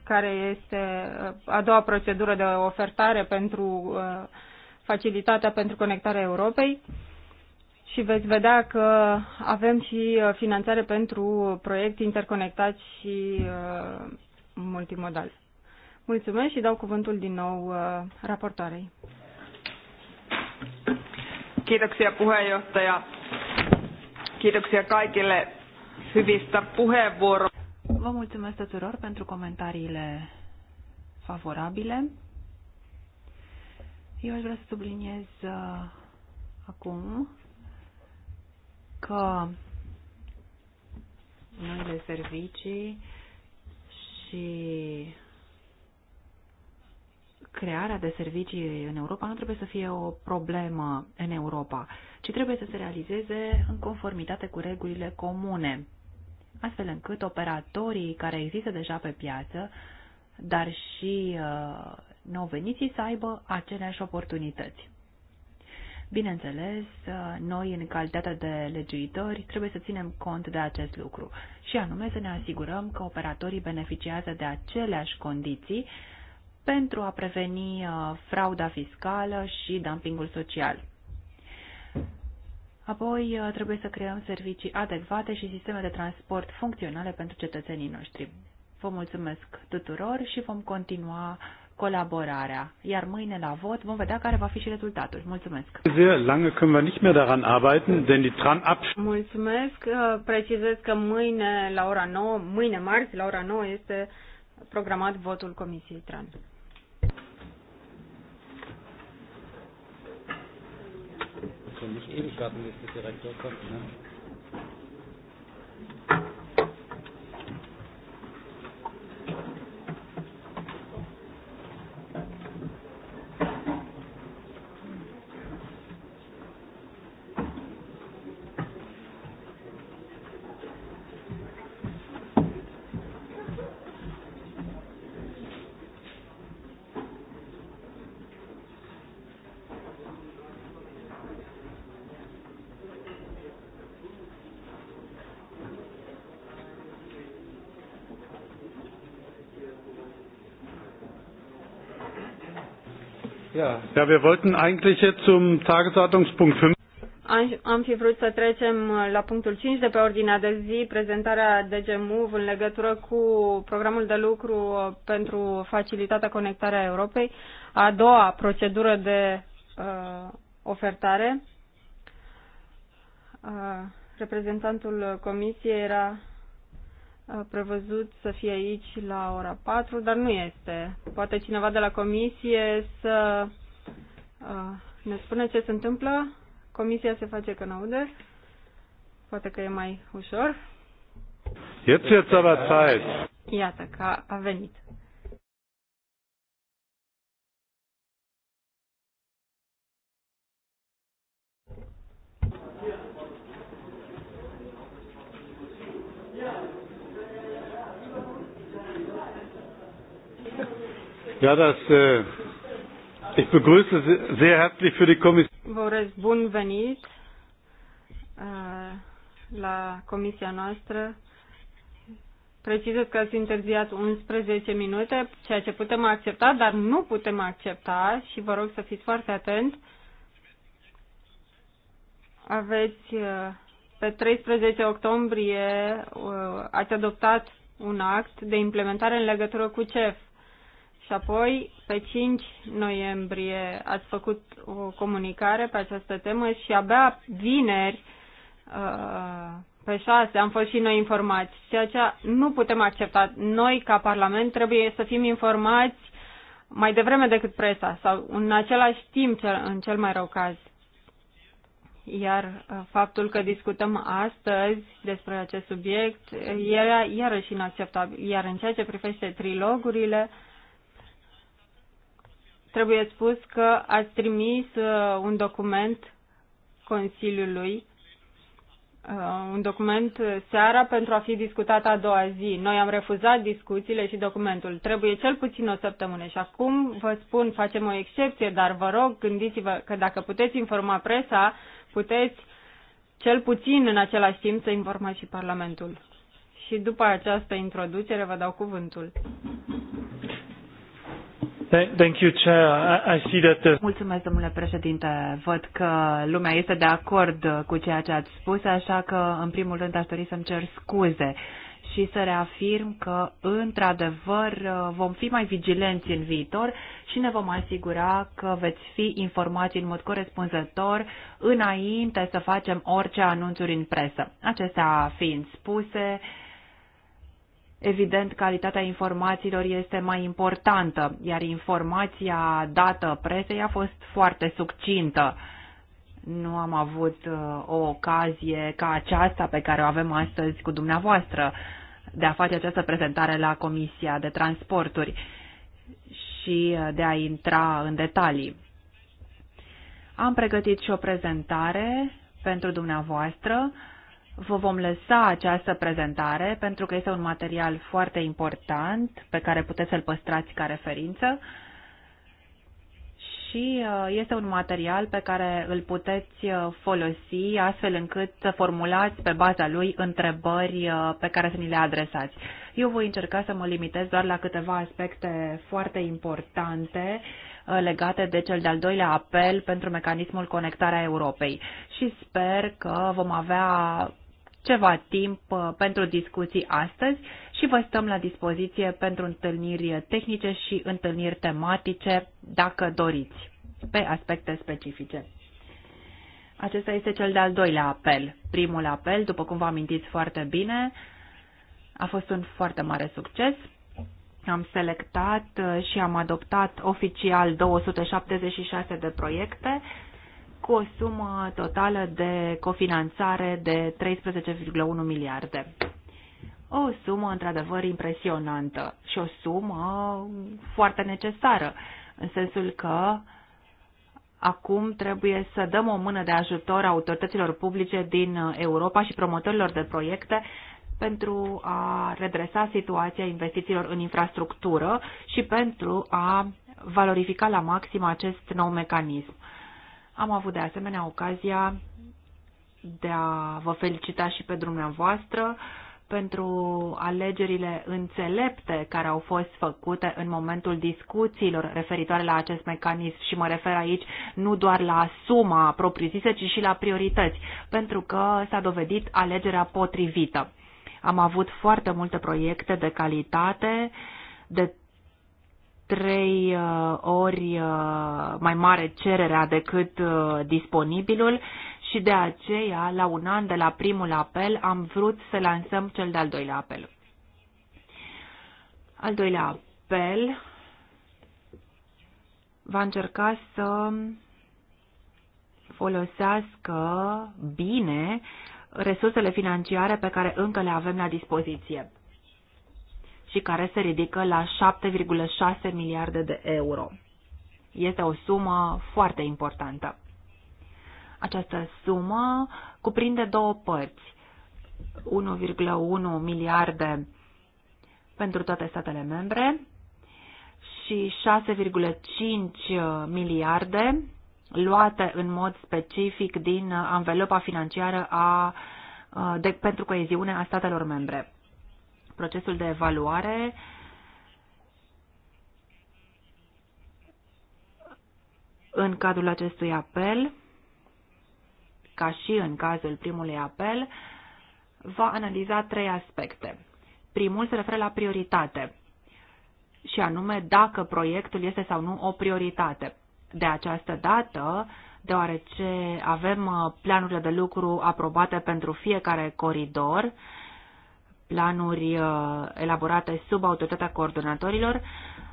care este uh, a doua procedură de ofertare pentru uh, facilitatea pentru conectarea Europei. Uh, și veți vedea că avem și uh, finanțare pentru proiecte interconectați și uh, multimodal. Mulțumesc și dau cuvântul din nou uh, raportoarei. Kiitoksia puheenjohtaja. Kiitoksia kaikille hyvistä puheenvuoroista. Vă mulțumesc tuturor pentru comentariile favorabile. Eu aș vrea să subliniez acum că noile servicii și crearea de servicii în Europa nu trebuie să fie o problemă în Europa, ci trebuie să se realizeze în conformitate cu regulile comune, astfel încât operatorii care există deja pe piață, dar și uh, nou veniții să aibă aceleași oportunități. Bineînțeles, noi, în calitate de legiuitori, trebuie să ținem cont de acest lucru și anume să ne asigurăm că operatorii beneficiază de aceleași condiții pentru a preveni uh, frauda fiscală și dumpingul social. Apoi uh, trebuie să creăm servicii adecvate și sisteme de transport funcționale pentru cetățenii noștri. Vă mulțumesc tuturor și vom continua colaborarea. Iar mâine la vot vom vedea care va fi și rezultatul. Mulțumesc. Mulțumesc. Uh, precizez că mâine la ora 9, mâine marți la ora 9 este programat votul Comisiei Tran. Nicht Ewigkeiten ist der Direktor kommt, ne? Ja. ja, wir wollten eigentlich jetzt zum Tagesordnungspunkt 5. Am fi vrut să trecem uh, la punctul 5 de pe ordinea de zi, prezentarea DG Move în legătură cu programul de lucru uh, pentru facilitatea conectarea Europei, a doua procedură de uh, ofertare. Uh, reprezentantul comisiei era prevăzut să fie aici la ora 4, dar nu este. Poate cineva de la comisie să ne spune ce se întâmplă. Comisia se face că n-aude. Poate că e mai ușor. Jetzt aber Zeit. Iată că a venit. Ja, das, äh, ich begrüße sehr herzlich für die Kommission. Vă urez bun venit uh, la comisia noastră. Precizez că ați interziat 11 minute, ceea ce putem accepta, dar nu putem accepta și vă rog să fiți foarte atenți. Aveți uh, pe 13 octombrie uh, ați adoptat un act de implementare în legătură cu CEF și apoi, pe 5 noiembrie, ați făcut o comunicare pe această temă și abia vineri, uh, pe 6, am fost și noi informați, ceea ce nu putem accepta. Noi, ca Parlament, trebuie să fim informați mai devreme decât presa sau în același timp, în cel mai rău caz. Iar uh, faptul că discutăm astăzi despre acest subiect era iarăși inacceptabil. Iar în ceea ce privește trilogurile, trebuie spus că ați trimis uh, un document Consiliului, uh, un document seara pentru a fi discutat a doua zi. Noi am refuzat discuțiile și documentul. Trebuie cel puțin o săptămână și acum vă spun, facem o excepție, dar vă rog, gândiți-vă că dacă puteți informa presa, puteți cel puțin în același timp să informați și Parlamentul. Și după această introducere vă dau cuvântul. Thank you, Chair. I see that the... Mulțumesc, domnule președinte. Văd că lumea este de acord cu ceea ce ați spus, așa că, în primul rând, aș dori să-mi cer scuze și să reafirm că, într-adevăr, vom fi mai vigilenți în viitor și ne vom asigura că veți fi informați în mod corespunzător înainte să facem orice anunțuri în presă. Acestea fiind spuse, Evident, calitatea informațiilor este mai importantă, iar informația dată presei a fost foarte succintă. Nu am avut uh, o ocazie ca aceasta pe care o avem astăzi cu dumneavoastră de a face această prezentare la Comisia de Transporturi și uh, de a intra în detalii. Am pregătit și o prezentare pentru dumneavoastră vă vom lăsa această prezentare pentru că este un material foarte important pe care puteți să-l păstrați ca referință și uh, este un material pe care îl puteți uh, folosi astfel încât să formulați pe baza lui întrebări uh, pe care să ni le adresați. Eu voi încerca să mă limitez doar la câteva aspecte foarte importante legate de cel de-al doilea apel pentru mecanismul conectarea Europei și sper că vom avea ceva timp uh, pentru discuții astăzi și vă stăm la dispoziție pentru întâlniri tehnice și întâlniri tematice, dacă doriți, pe aspecte specifice. Acesta este cel de-al doilea apel. Primul apel, după cum vă amintiți foarte bine, a fost un foarte mare succes. Am selectat uh, și am adoptat oficial 276 de proiecte cu o sumă totală de cofinanțare de 13,1 miliarde. O sumă într-adevăr impresionantă și o sumă foarte necesară, în sensul că acum trebuie să dăm o mână de ajutor autorităților publice din Europa și promotorilor de proiecte pentru a redresa situația investițiilor în infrastructură și pentru a valorifica la maxim acest nou mecanism. Am avut de asemenea ocazia de a vă felicita și pe dumneavoastră pentru alegerile înțelepte care au fost făcute în momentul discuțiilor referitoare la acest mecanism și mă refer aici nu doar la suma propriu-zisă, ci și la priorități, pentru că s-a dovedit alegerea potrivită. Am avut foarte multe proiecte de calitate, de trei uh, ori uh, mai mare cererea decât uh, disponibilul și de aceea, la un an de la primul apel, am vrut să lansăm cel de-al doilea apel. Al doilea apel va încerca să folosească bine resursele financiare pe care încă le avem la dispoziție și care se ridică la 7,6 miliarde de euro. Este o sumă foarte importantă. Această sumă cuprinde două părți. 1,1 miliarde pentru toate statele membre și 6,5 miliarde luate în mod specific din anvelopa financiară a, de, pentru coeziune a statelor membre procesul de evaluare în cadrul acestui apel, ca și în cazul primului apel, va analiza trei aspecte. Primul se referă la prioritate și anume dacă proiectul este sau nu o prioritate. De această dată, deoarece avem uh, planurile de lucru aprobate pentru fiecare coridor planuri uh, elaborate sub autoritatea coordonatorilor,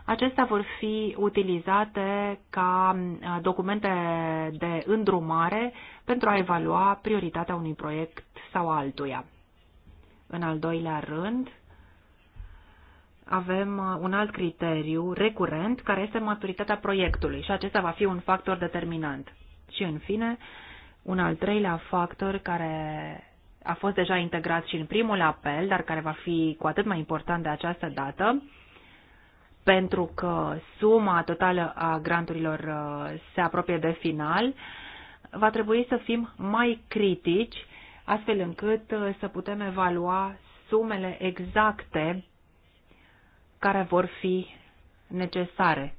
acestea vor fi utilizate ca uh, documente de îndrumare pentru a evalua prioritatea unui proiect sau altuia. În al doilea rând, avem uh, un alt criteriu recurent, care este maturitatea proiectului și acesta va fi un factor determinant. Și, în fine, un al treilea factor care a fost deja integrat și în primul apel, dar care va fi cu atât mai important de această dată, pentru că suma totală a granturilor uh, se apropie de final, va trebui să fim mai critici, astfel încât uh, să putem evalua sumele exacte care vor fi necesare.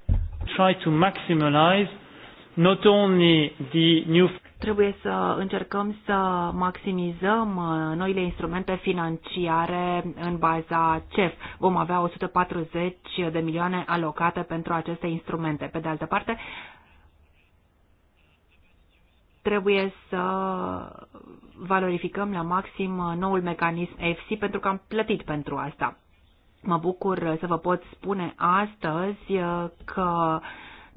Try to maximize not only the new Trebuie să încercăm să maximizăm uh, noile instrumente financiare în baza CEF. Vom avea 140 de milioane alocate pentru aceste instrumente. Pe de altă parte, trebuie să valorificăm la maxim uh, noul mecanism EFSI pentru că am plătit pentru asta. Mă bucur să vă pot spune astăzi uh, că uh,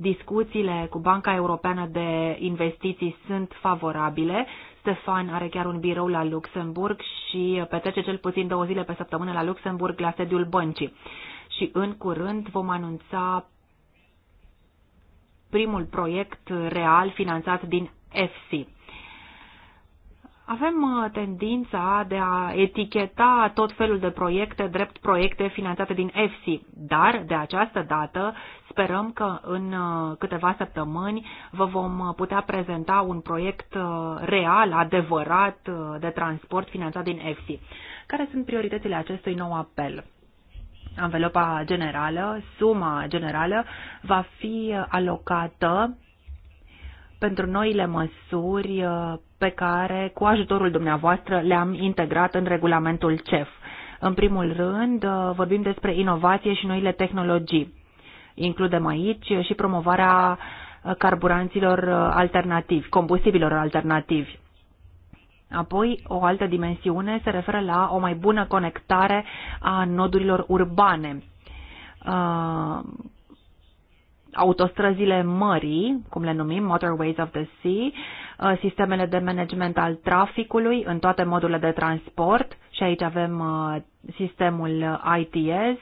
discuțiile cu Banca Europeană de Investiții sunt favorabile. Stefan are chiar un birou la Luxemburg și petrece cel puțin două zile pe săptămână la Luxemburg la sediul băncii. Și în curând vom anunța primul proiect real finanțat din EFSI. Avem uh, tendința de a eticheta tot felul de proiecte drept proiecte finanțate din EFSI, dar de această dată Sperăm că în uh, câteva săptămâni vă vom uh, putea prezenta un proiect uh, real, adevărat de transport finanțat din EFSI. Care sunt prioritățile acestui nou apel? Anvelopa generală, suma generală va fi alocată pentru noile măsuri pe care, cu ajutorul dumneavoastră, le-am integrat în regulamentul CEF. În primul rând, vorbim despre inovație și noile tehnologii. Includem aici și promovarea carburanților alternativi, combustibilor alternativi. Apoi, o altă dimensiune se referă la o mai bună conectare a nodurilor urbane. Uh, autostrăzile mării, cum le numim, Motorways of the Sea, uh, sistemele de management al traficului în toate modurile de transport și aici avem uh, sistemul ITS,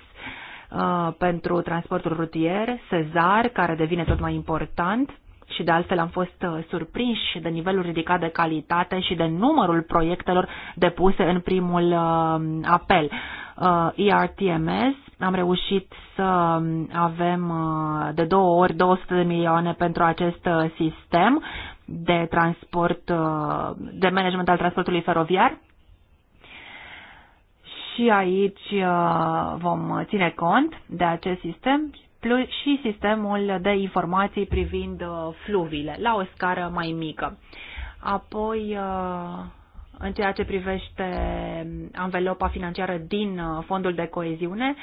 Uh, pentru transportul rutier, Sezar, care devine tot mai important și de altfel am fost uh, surprinși de nivelul ridicat de calitate și de numărul proiectelor depuse în primul uh, apel. ERTMS, am reușit să avem de două ori 200 de milioane pentru acest sistem de transport, de management al transportului feroviar și aici uh, vom ține cont de acest sistem și sistemul de informații privind uh, fluviile la o scară mai mică. Apoi, uh, în ceea ce privește anvelopa financiară din fondul de coeziune,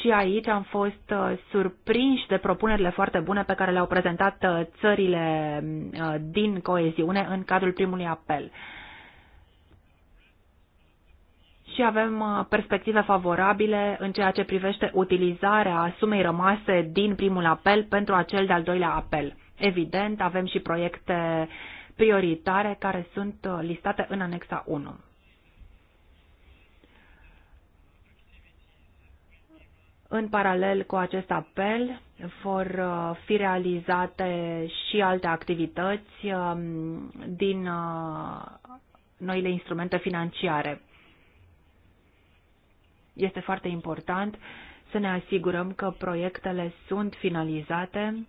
și aici am fost surprinși de propunerile foarte bune pe care le-au prezentat țările din coeziune în cadrul primului apel și avem uh, perspective favorabile în ceea ce privește utilizarea sumei rămase din primul apel pentru acel de-al doilea apel. Evident, avem și proiecte prioritare care sunt uh, listate în anexa 1. În paralel cu acest apel vor uh, fi realizate și alte activități um, din noile instrumente financiare. Este foarte important să ne asigurăm că proiectele sunt finalizate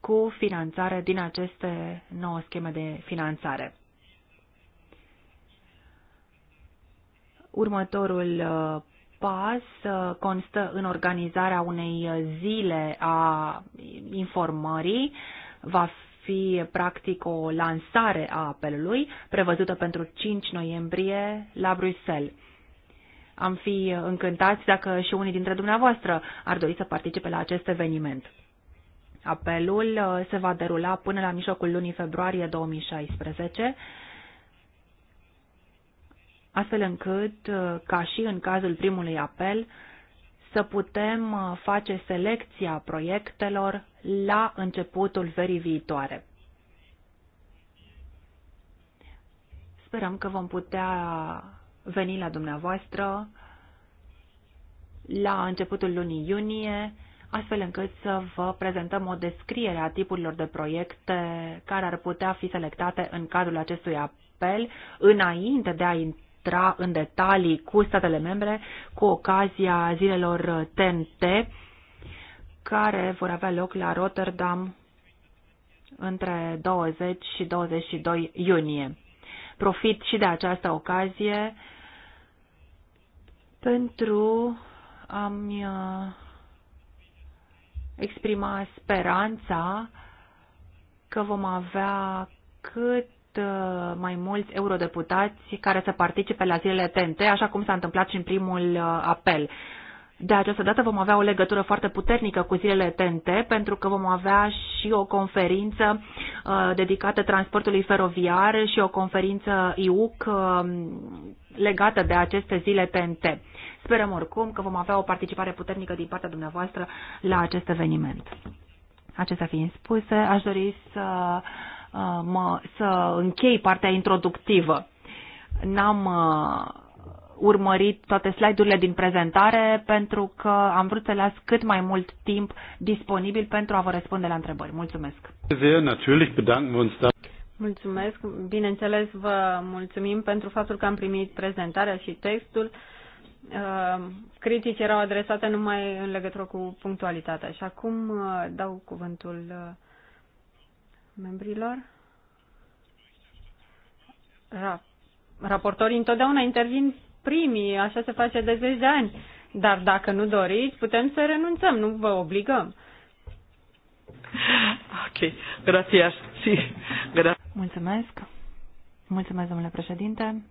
cu finanțare din aceste nouă scheme de finanțare. Următorul uh, pas uh, constă în organizarea unei zile a informării. Va fi practic o lansare a apelului prevăzută pentru 5 noiembrie la Bruxelles. Am fi încântați dacă și unii dintre dumneavoastră ar dori să participe la acest eveniment. Apelul uh, se va derula până la mijlocul lunii februarie 2016, astfel încât, uh, ca și în cazul primului apel, să putem uh, face selecția proiectelor la începutul verii viitoare. Sperăm că vom putea veni la dumneavoastră la începutul lunii iunie, astfel încât să vă prezentăm o descriere a tipurilor de proiecte care ar putea fi selectate în cadrul acestui apel, înainte de a intra în detalii cu statele membre cu ocazia zilelor TNT care vor avea loc la Rotterdam între 20 și 22 iunie. Profit și de această ocazie pentru a-mi uh, exprima speranța că vom avea cât Uh, mai mulți eurodeputați care să participe la zilele TNT, așa cum s-a întâmplat și în primul uh, apel. De această dată vom avea o legătură foarte puternică cu zilele TNT, pentru că vom avea și o conferință uh, dedicată transportului feroviar și o conferință IUC legată de aceste zile TNT. Sperăm oricum că vom avea o participare puternică din partea dumneavoastră la acest eveniment. Acestea fiind spuse, aș dori să Uh, mă, să închei partea introductivă. N-am uh, urmărit toate slide-urile din prezentare pentru că am vrut să las cât mai mult timp disponibil pentru a vă răspunde la întrebări. Mulțumesc! Da- Mulțumesc! Bineînțeles, vă mulțumim pentru faptul că am primit prezentarea și textul. Uh, critici erau adresate numai în legătură cu punctualitatea și acum dau cuvântul membrilor. Ra raportorii întotdeauna intervin primii, așa se face de zeci de ani. Dar dacă nu doriți, putem să renunțăm, nu vă obligăm. Ok, gracias. Sí. Gra Mulțumesc. Mulțumesc, domnule președinte.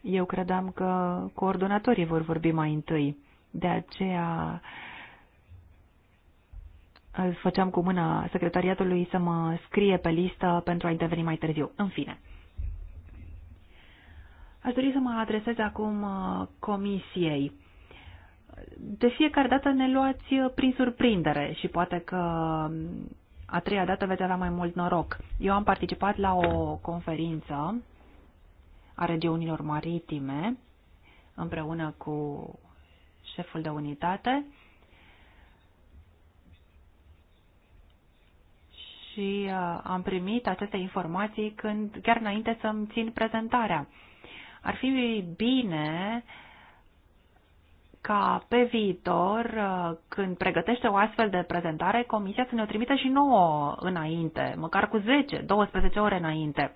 Eu credeam că coordonatorii vor vorbi mai întâi. De aceea îl făceam cu mâna secretariatului să mă scrie pe listă pentru a interveni mai târziu. În fine. Aș dori să mă adresez acum uh, comisiei. De fiecare dată ne luați uh, prin surprindere și poate că um, a treia dată veți avea mai mult noroc. Eu am participat la o conferință a regiunilor maritime împreună cu șeful de unitate și uh, am primit aceste informații când, chiar înainte să-mi țin prezentarea. Ar fi bine ca pe viitor, uh, când pregătește o astfel de prezentare, comisia să ne o trimită și nouă înainte, măcar cu 10-12 ore înainte.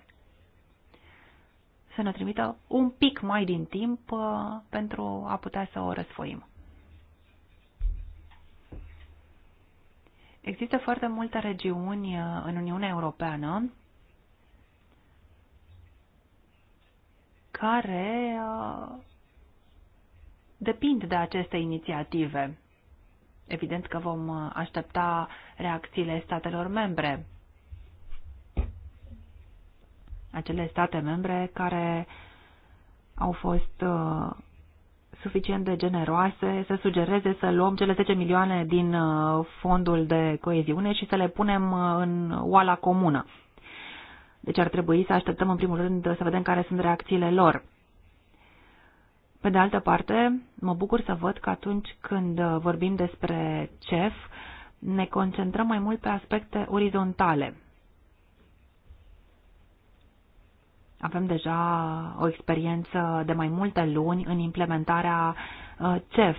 Să ne trimită un pic mai din timp uh, pentru a putea să o răsfoim. Există foarte multe regiuni uh, în Uniunea Europeană care uh, depind de aceste inițiative. Evident că vom uh, aștepta reacțiile statelor membre. Acele state membre care au fost suficient de generoase să sugereze să luăm cele 10 milioane din uh, fondul de coeziune și să le punem uh, în oala comună. Deci ar trebui să așteptăm în primul rând să vedem care sunt reacțiile lor. Pe de altă parte, mă bucur să văd că atunci când uh, vorbim despre CEF, ne concentrăm mai mult pe aspecte orizontale, Avem deja o experiență de mai multe luni în implementarea uh, CEF.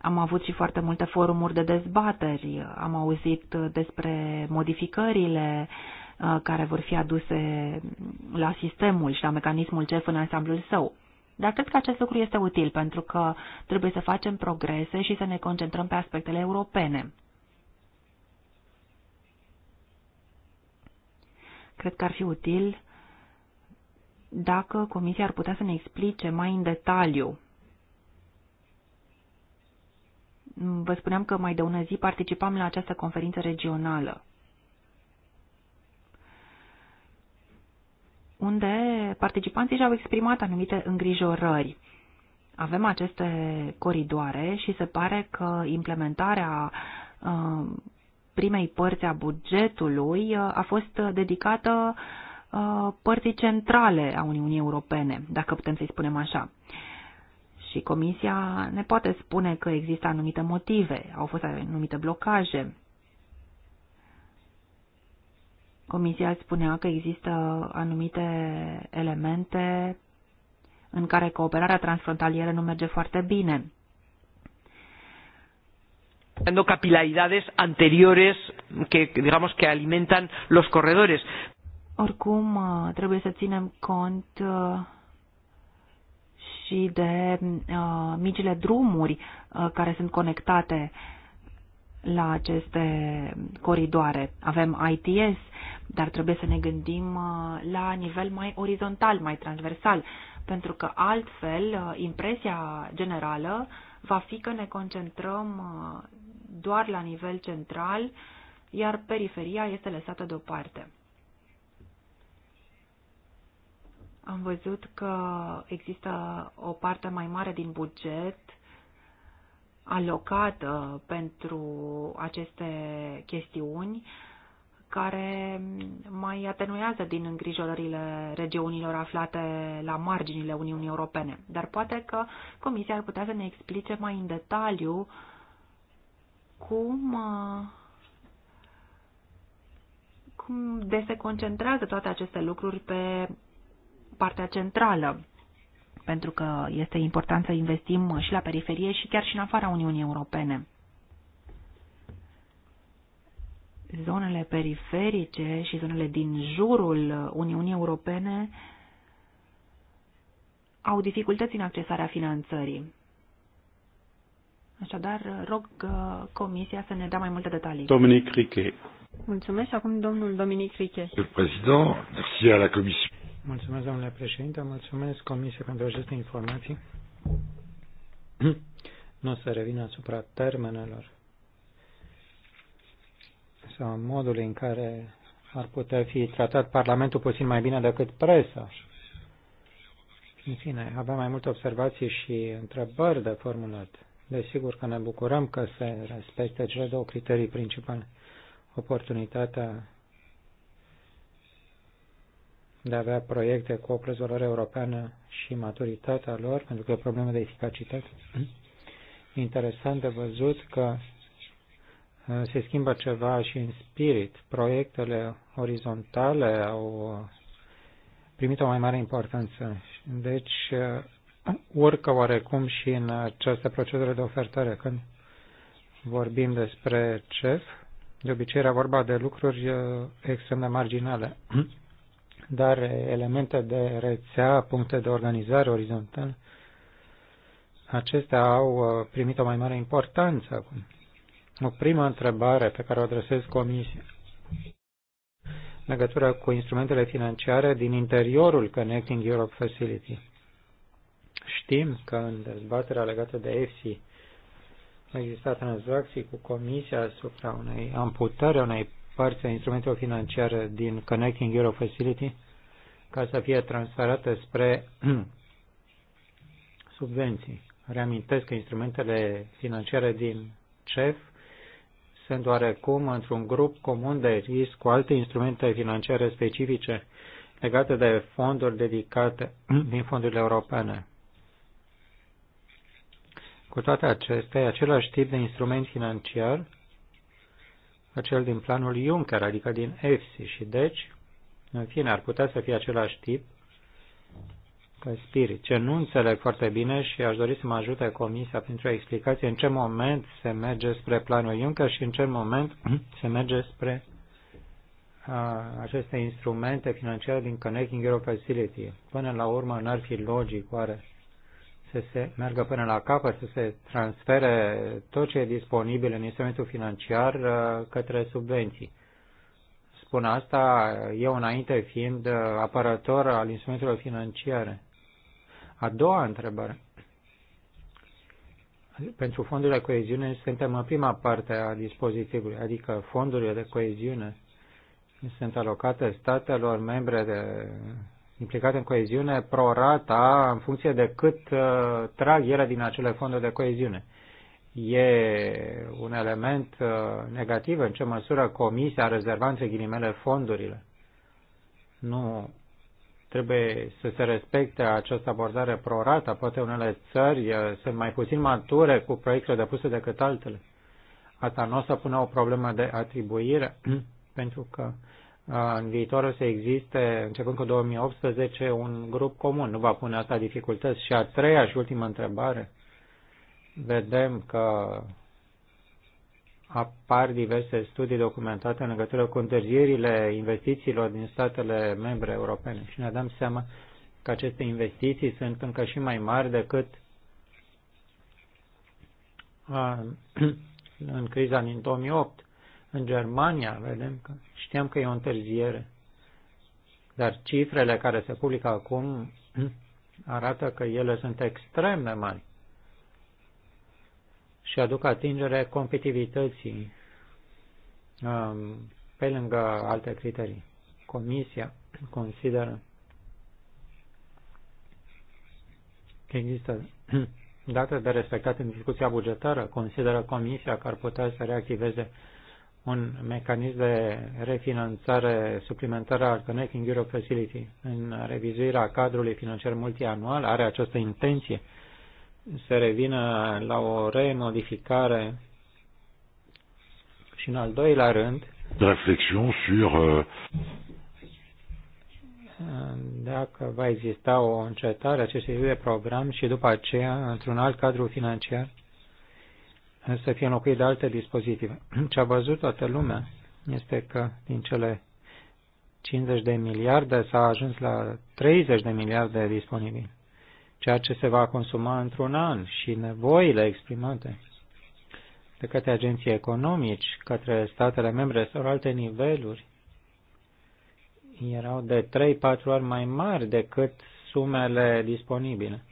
Am avut și foarte multe forumuri de dezbateri, am auzit uh, despre modificările uh, care vor fi aduse la sistemul și la mecanismul CEF în ansamblul său. Dar cred că acest lucru este util pentru că trebuie să facem progrese și să ne concentrăm pe aspectele europene. Cred că ar fi util dacă Comisia ar putea să ne explice mai în detaliu. Vă spuneam că mai de ună zi participam la această conferință regională. unde participanții și-au exprimat anumite îngrijorări. Avem aceste coridoare și se pare că implementarea uh, primei părți a bugetului uh, a fost dedicată Uh, părții centrale a Uniunii Europene, dacă putem să-i spunem așa. Și Comisia ne poate spune că există anumite motive, au fost anumite blocaje. Comisia spunea că există anumite elemente în care cooperarea transfrontalieră nu merge foarte bine. capilaridades anteriores que digamos que alimentan los corredores oricum, uh, trebuie să ținem cont uh, și de uh, micile drumuri care sunt conectate la aceste coridoare. Avem ITS, dar trebuie să ne gândim la nivel mai orizontal, mai transversal, pentru că altfel impresia generală va fi că ne concentrăm doar la nivel central, iar periferia este lăsată deoparte. am văzut că există o parte mai mare din buget alocată pentru aceste chestiuni care mai atenuează din îngrijorările regiunilor aflate la marginile Uniunii Europene. Dar poate că Comisia ar putea să ne explice mai în detaliu cum, cum de se concentrează toate aceste lucruri pe partea centrală, pentru că este important să investim și la periferie și chiar și în afara Uniunii Europene. Zonele periferice și zonele din jurul Uniunii Europene au dificultăți în accesarea finanțării. Așadar, rog Comisia să ne dea mai multe detalii. Dominic Riche. Mulțumesc. Acum domnul Dominic Riche. Domnul președinte, mulțumesc la Comisie. Mulțumesc, domnule președinte, mulțumesc Comisiei pentru aceste informații. Nu o să revin asupra termenelor sau modului în care ar putea fi tratat Parlamentul puțin mai bine decât presa. În fine, avem mai multe observații și întrebări de formulat. Desigur că ne bucurăm că se respectă cele două criterii principale. Oportunitatea de a avea proiecte cu o prezolare europeană și maturitatea lor, pentru că e problemă de eficacitate. Interesant de văzut că uh, se schimbă ceva și în spirit. Proiectele orizontale au uh, primit o mai mare importanță. Deci, uh, urcă oarecum și în această procedură de ofertare. Când vorbim despre CEF, de obicei era vorba de lucruri extrem de marginale. dar elemente de rețea, puncte de organizare orizontală, acestea au uh, primit o mai mare importanță acum. O prima întrebare pe care o adresez Comisiei legătură cu instrumentele financiare din interiorul Connecting Europe Facility. Știm că în dezbaterea legată de EFSI au existat tranzacții cu Comisia asupra unei amputări, unei parte a instrumentelor financiare din Connecting Euro Facility ca să fie transferate spre subvenții. Reamintesc că instrumentele financiare din CEF sunt oarecum într-un grup comun de risc cu alte instrumente financiare specifice legate de fonduri dedicate din fondurile europene. Cu toate acestea, același tip de instrument financiar acel din planul Juncker, adică din EFSI și deci, în fine, ar putea să fie același tip ca spirit. Ce nu înțeleg foarte bine și aș dori să mă ajute Comisia pentru o explicație în ce moment se merge spre planul Juncker și în ce moment se merge spre a, aceste instrumente financiare din Connecting Europe Facility. Până la urmă, n-ar fi logic oare să se meargă până la capăt, să se transfere tot ce e disponibil în instrumentul financiar uh, către subvenții. Spun asta eu înainte fiind uh, apărător al instrumentelor financiare. A doua întrebare. Pentru fondurile de coeziune suntem în prima parte a dispozitivului, adică fondurile de coeziune sunt alocate statelor membre de implicate în coeziune rata în funcție de cât uh, trag ele din acele fonduri de coeziune. E un element uh, negativ în ce măsură comisia a între ghilimele fondurile. Nu trebuie să se respecte această abordare rata. Poate unele țări uh, sunt mai puțin mature cu proiectele depuse decât altele. Asta nu o să pună o problemă de atribuire, pentru că în viitor o să existe, începând cu 2018, un grup comun. Nu va pune asta dificultăți. Și a treia și ultima întrebare. Vedem că apar diverse studii documentate în legătură cu întârzierile investițiilor din statele membre europene și ne dăm seama că aceste investiții sunt încă și mai mari decât uh, în criza din 2008 în Germania vedem că știam că e o întârziere, dar cifrele care se publică acum arată că ele sunt extrem de mari și aduc atingere competitivității um, pe lângă alte criterii. Comisia consideră că există date de respectat în discuția bugetară, consideră Comisia că ar putea să reactiveze un mecanism de refinanțare suplimentară al Connecting Europe Facility în revizuirea cadrului financiar multianual are această intenție să revină la o remodificare și în al doilea rând sur uh, dacă va exista o încetare acestui program și după aceea într-un alt cadru financiar să fie înlocuit de alte dispozitive. Ce a văzut toată lumea este că din cele 50 de miliarde s-a ajuns la 30 de miliarde disponibile, ceea ce se va consuma într-un an și nevoile exprimate de către agenții economici, către statele membre sau alte niveluri, erau de 3-4 ori mai mari decât sumele disponibile.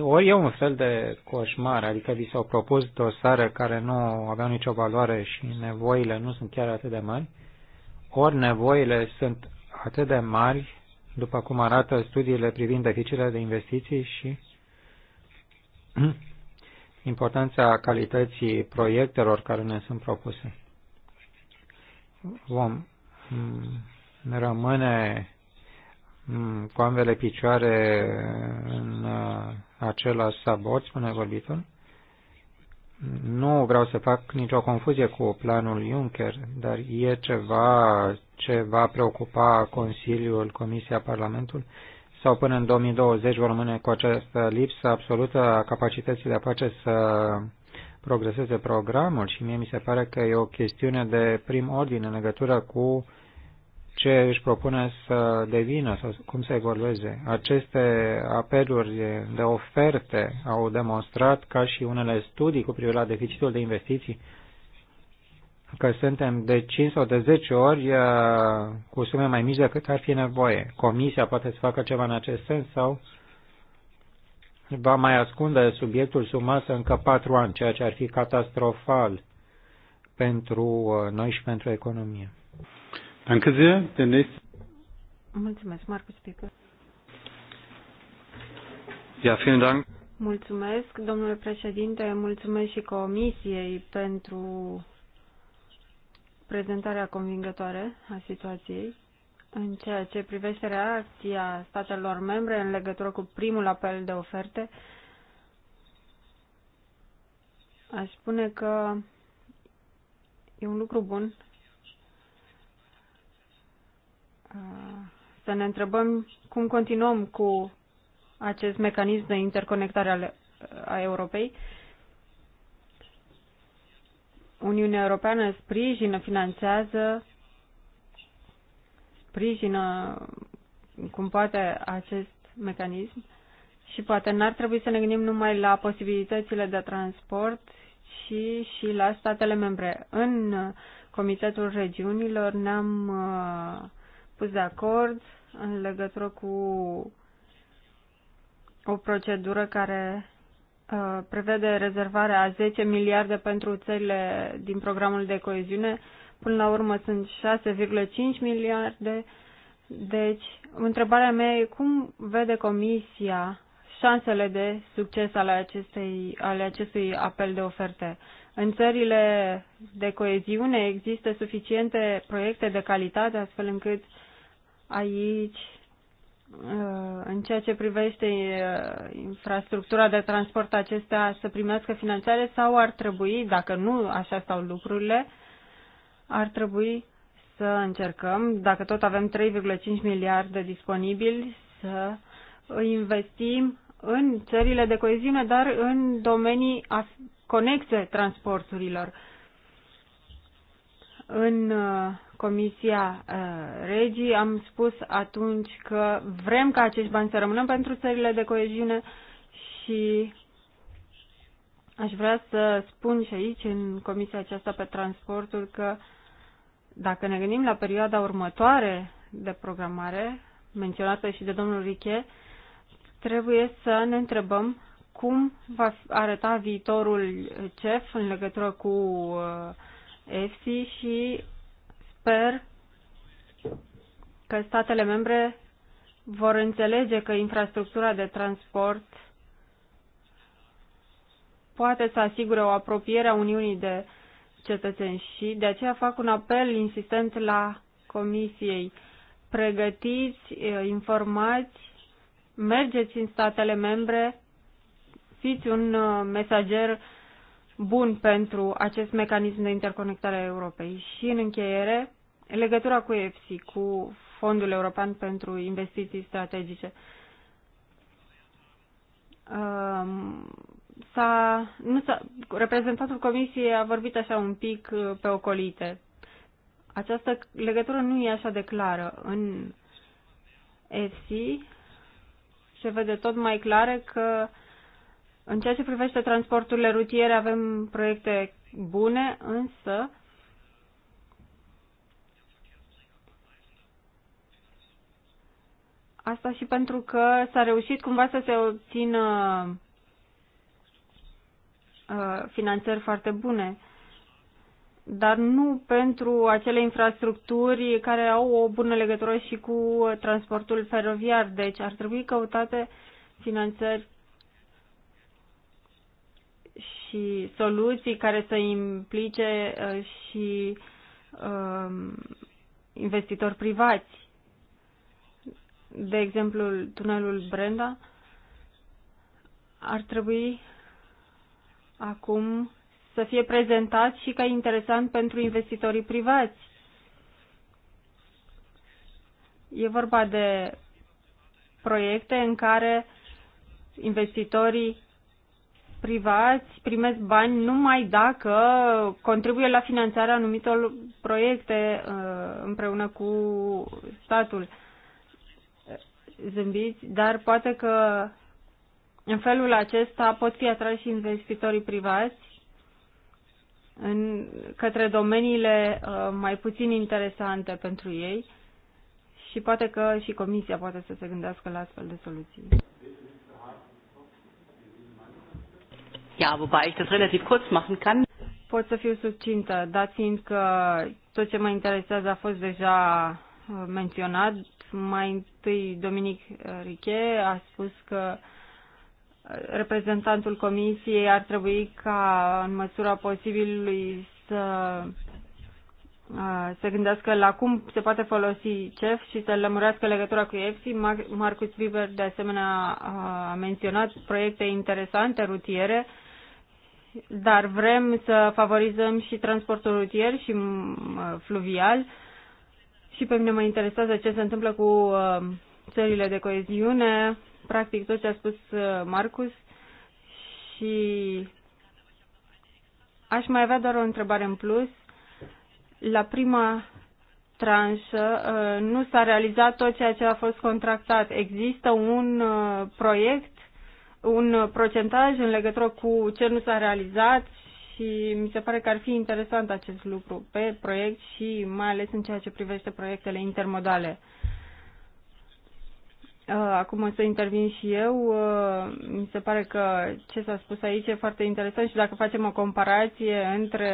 Ori e un fel de coșmar, adică vi s-au propus dosare care nu aveau nicio valoare și nevoile nu sunt chiar atât de mari, ori nevoile sunt atât de mari, după cum arată studiile privind deficitele de investiții și importanța calității proiectelor care ne sunt propuse. Vom mm, rămâne Mm, cu ambele picioare în uh, același sabot, spune vorbitul. Nu vreau să fac nicio confuzie cu planul Juncker, dar e ceva ce va preocupa Consiliul, Comisia, Parlamentul sau până în 2020 vor rămâne cu această lipsă absolută a capacității de a face să progreseze programul și mie mi se pare că e o chestiune de prim ordine în legătură cu ce își propune să devină sau cum să evolueze. Aceste apeluri de oferte au demonstrat, ca și unele studii cu privire la deficitul de investiții, că suntem de 5 sau de 10 ori uh, cu sume mai mici decât ar fi nevoie. Comisia poate să facă ceva în acest sens sau va mai ascunde subiectul sumas încă 4 ani, ceea ce ar fi catastrofal pentru uh, noi și pentru economie. Danke sehr. Der nächste. Mulțumesc, Marcus Pică. Ja, vielen Dank. Mulțumesc, domnule președinte, mulțumesc și comisiei pentru prezentarea convingătoare a situației. În ceea ce privește reacția statelor membre în legătură cu primul apel de oferte, aș spune că e un lucru bun Ah, să ne întrebăm cum continuăm cu acest mecanism de interconectare a Europei. Uniunea Europeană sprijină, finanțează, sprijină cum poate acest mecanism și poate n-ar trebui să ne gândim numai la posibilitățile de transport, ci și la statele membre. În Comitetul Regiunilor ne-am uh, pus de acord în legătură cu o procedură care uh, prevede rezervarea a 10 miliarde pentru țările din programul de coeziune. Până la urmă sunt 6,5 miliarde. Deci, întrebarea mea e cum vede Comisia șansele de succes ale, acestei, ale acestui apel de oferte. În țările de coeziune există suficiente proiecte de calitate astfel încât uh, aici uh, în ceea ce privește uh, infrastructura de transport acestea să primească finanțare sau ar trebui, dacă nu așa stau lucrurile, ar trebui să încercăm, dacă tot avem 3,5 miliarde disponibili, să investim în țările de coeziune, dar în domenii conexe transporturilor. În uh, Comisia uh, Regii, am spus atunci că vrem ca acești bani să rămână pentru țările de coeziune și aș vrea să spun și aici, în Comisia aceasta pe transportul, că dacă ne gândim la perioada următoare de programare, menționată și de domnul Riche, trebuie să ne întrebăm cum va arăta viitorul CEF în legătură cu EFSI uh, și sper că statele membre vor înțelege că infrastructura de transport poate să asigure o apropiere a Uniunii de cetățeni și de aceea fac un apel insistent la Comisiei. Pregătiți, informați, mergeți în statele membre, fiți un mesager bun pentru acest mecanism de interconectare a Europei. Și în încheiere, în legătura cu EFSI, cu Fondul European pentru Investiții Strategice. Um, s-a, nu s-a, reprezentantul Comisiei a vorbit așa un pic uh, pe ocolite. Această legătură nu e așa de clară. În EFSI se vede tot mai clar că în ceea ce privește transporturile rutiere avem proiecte bune, însă Asta și pentru că s-a reușit cumva să se obțină uh, finanțări foarte bune, dar nu pentru acele infrastructuri care au o bună legătură și cu transportul feroviar. Deci ar trebui căutate finanțări și soluții care să implice uh, și um, investitori privați de exemplu tunelul Brenda, ar trebui acum să fie prezentat și ca interesant pentru investitorii privați. E vorba de proiecte în care investitorii privați primesc bani numai dacă contribuie la finanțarea anumitor proiecte uh, împreună cu statul zâmbiți, dar poate că în felul acesta pot fi atrași investitorii privați în, către domeniile uh, mai puțin interesante pentru ei și poate că și Comisia poate să se gândească la astfel de soluții. Ja, wobei ich das relativ kurz machen kann. Pot să fiu subțintă, dat fiind că tot ce mă interesează a fost deja uh, menționat, mai întâi Dominic Riche a spus că reprezentantul comisiei ar trebui ca în măsura posibilului să se gândească la cum se poate folosi CEF și să lămurească legătura cu EFSI. Marcus Bieber de asemenea a menționat proiecte interesante rutiere, dar vrem să favorizăm și transportul rutier și fluvial și pe mine mă interesează ce se întâmplă cu uh, țările de coeziune, practic tot ce a spus uh, Marcus și aș mai avea doar o întrebare în plus. La prima tranșă uh, nu s-a realizat tot ceea ce a fost contractat. Există un proiect, un procentaj în legătură cu ce nu s-a realizat și mi se pare că ar fi interesant acest lucru pe proiect și mai ales în ceea ce privește proiectele intermodale. Uh, acum să intervin și eu. Uh, mi se pare că ce s-a spus aici e foarte interesant și dacă facem o comparație între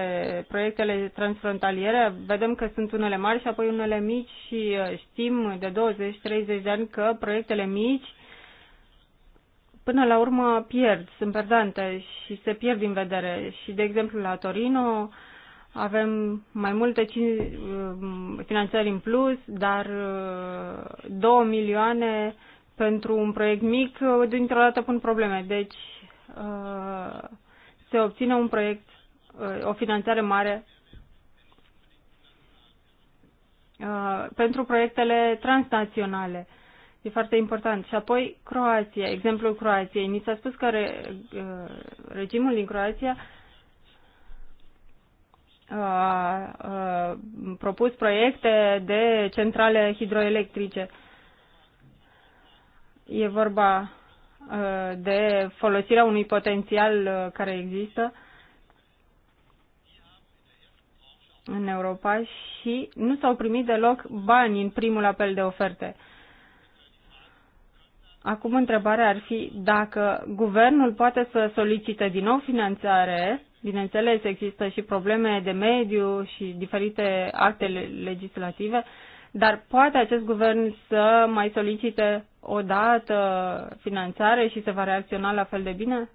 proiectele transfrontaliere, vedem că sunt unele mari și apoi unele mici și uh, știm de 20-30 de ani că proiectele mici până la urmă pierd, sunt perdante și se pierd din vedere. Și, de exemplu, la Torino avem mai multe uh, finanțări în plus, dar 2 uh, milioane pentru un proiect mic, uh, dintr-o dată pun probleme. Deci se obține un proiect, o finanțare mare pentru proiectele transnaționale. E foarte important. Și apoi Croația, exemplul Croației. Ni s-a spus că re, uh, regimul din Croația a, uh, a uh, propus proiecte de centrale hidroelectrice. E vorba de folosirea unui potențial care există în Europa și nu s-au primit deloc bani în primul apel de oferte. Acum întrebarea ar fi dacă guvernul poate să solicite din nou finanțare, bineînțeles există și probleme de mediu și diferite acte legislative, dar poate acest guvern să mai solicite o dată finanțare și să va reacționa la fel de bine?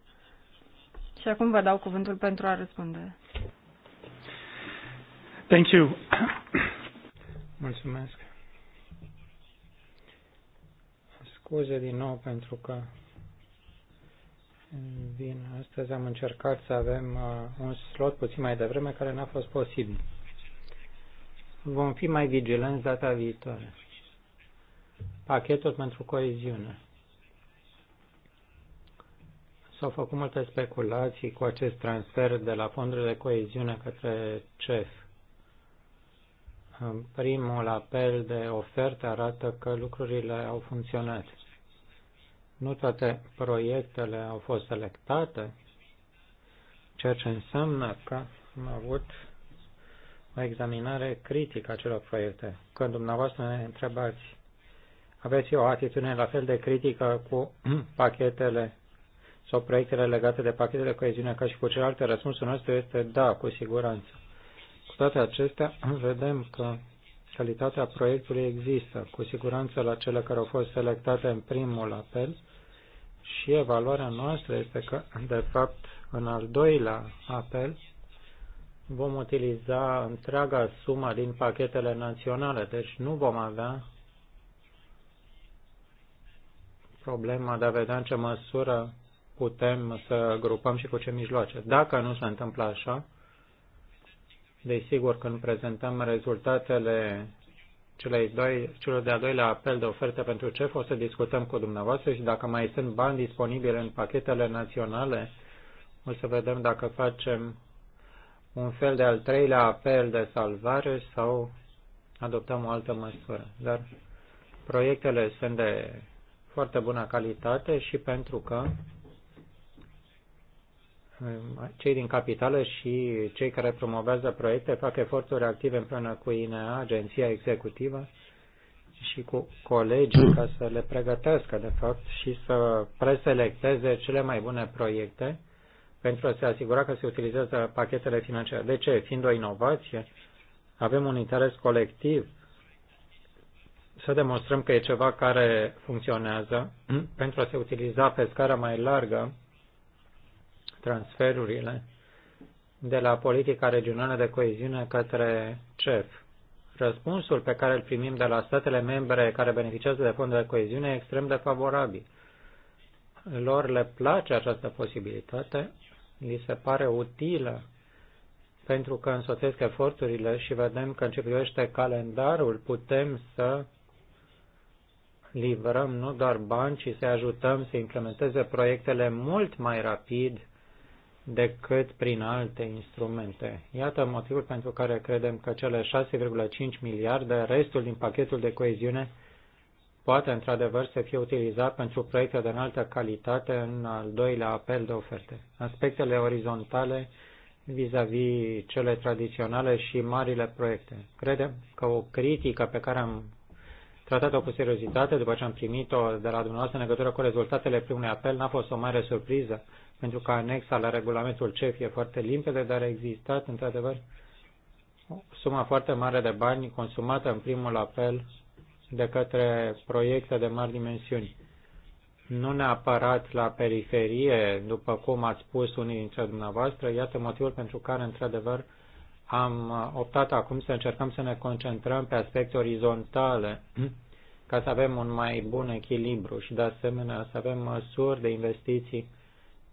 Și acum vă dau cuvântul pentru a răspunde. Thank you. Mulțumesc. scuze din nou pentru că vin astăzi. Am încercat să avem uh, un slot puțin mai devreme care n-a fost posibil. Vom fi mai vigilenți data viitoare. Pachetul pentru coeziune. S-au făcut multe speculații cu acest transfer de la fondurile de coeziune către CEF Primul apel de ofertă arată că lucrurile au funcționat. Nu toate proiectele au fost selectate, ceea ce înseamnă că am avut o examinare critică a celor proiecte. Când dumneavoastră ne întrebați, aveți o atitudine la fel de critică cu pachetele sau proiectele legate de pachetele coeziune ca și cu celelalte, răspunsul nostru este da, cu siguranță toate acestea, vedem că calitatea proiectului există, cu siguranță la cele care au fost selectate în primul apel și evaluarea noastră este că, de fapt, în al doilea apel vom utiliza întreaga sumă din pachetele naționale, deci nu vom avea problema de a vedea în ce măsură putem să grupăm și cu ce mijloace. Dacă nu se întâmplă așa, Desigur, când prezentăm rezultatele doi, celor de-a doilea apel de ofertă pentru CEF, o să discutăm cu dumneavoastră și dacă mai sunt bani disponibili în pachetele naționale, o să vedem dacă facem un fel de al treilea apel de salvare sau adoptăm o altă măsură. Dar proiectele sunt de foarte bună calitate și pentru că cei din capitală și cei care promovează proiecte fac eforturi active împreună cu INA, agenția executivă și cu colegii ca să le pregătească, de fapt, și să preselecteze cele mai bune proiecte pentru a se asigura că se utilizează pachetele financiare. De ce? Fiind o inovație, avem un interes colectiv să demonstrăm că e ceva care funcționează pentru a se utiliza pe scară mai largă transferurile de la politica regională de coeziune către CEF. Răspunsul pe care îl primim de la statele membre care beneficiază de fonduri de coeziune e extrem de favorabil. Lor le place această posibilitate, li se pare utilă pentru că însoțesc eforturile și vedem că în ce privește calendarul putem să livrăm nu doar bani, ci să ajutăm să implementeze proiectele mult mai rapid decât prin alte instrumente. Iată motivul pentru care credem că cele 6,5 miliarde, restul din pachetul de coeziune, poate într-adevăr să fie utilizat pentru proiecte de înaltă calitate în al doilea apel de oferte. Aspectele orizontale vis-a-vis -vis cele tradiționale și marile proiecte. Credem că o critică pe care am tratat-o cu seriozitate după ce am primit-o de la dumneavoastră în legătură cu rezultatele primului apel. N-a fost o mare surpriză, pentru că anexa la regulamentul CEF e foarte limpede, dar a existat, într-adevăr, o sumă foarte mare de bani consumată în primul apel de către proiecte de mari dimensiuni. Nu neapărat la periferie, după cum ați spus unii dintre dumneavoastră, iată motivul pentru care, într-adevăr, am uh, optat acum să încercăm să ne concentrăm pe aspecte orizontale ca să avem un mai bun echilibru și de asemenea să avem măsuri de investiții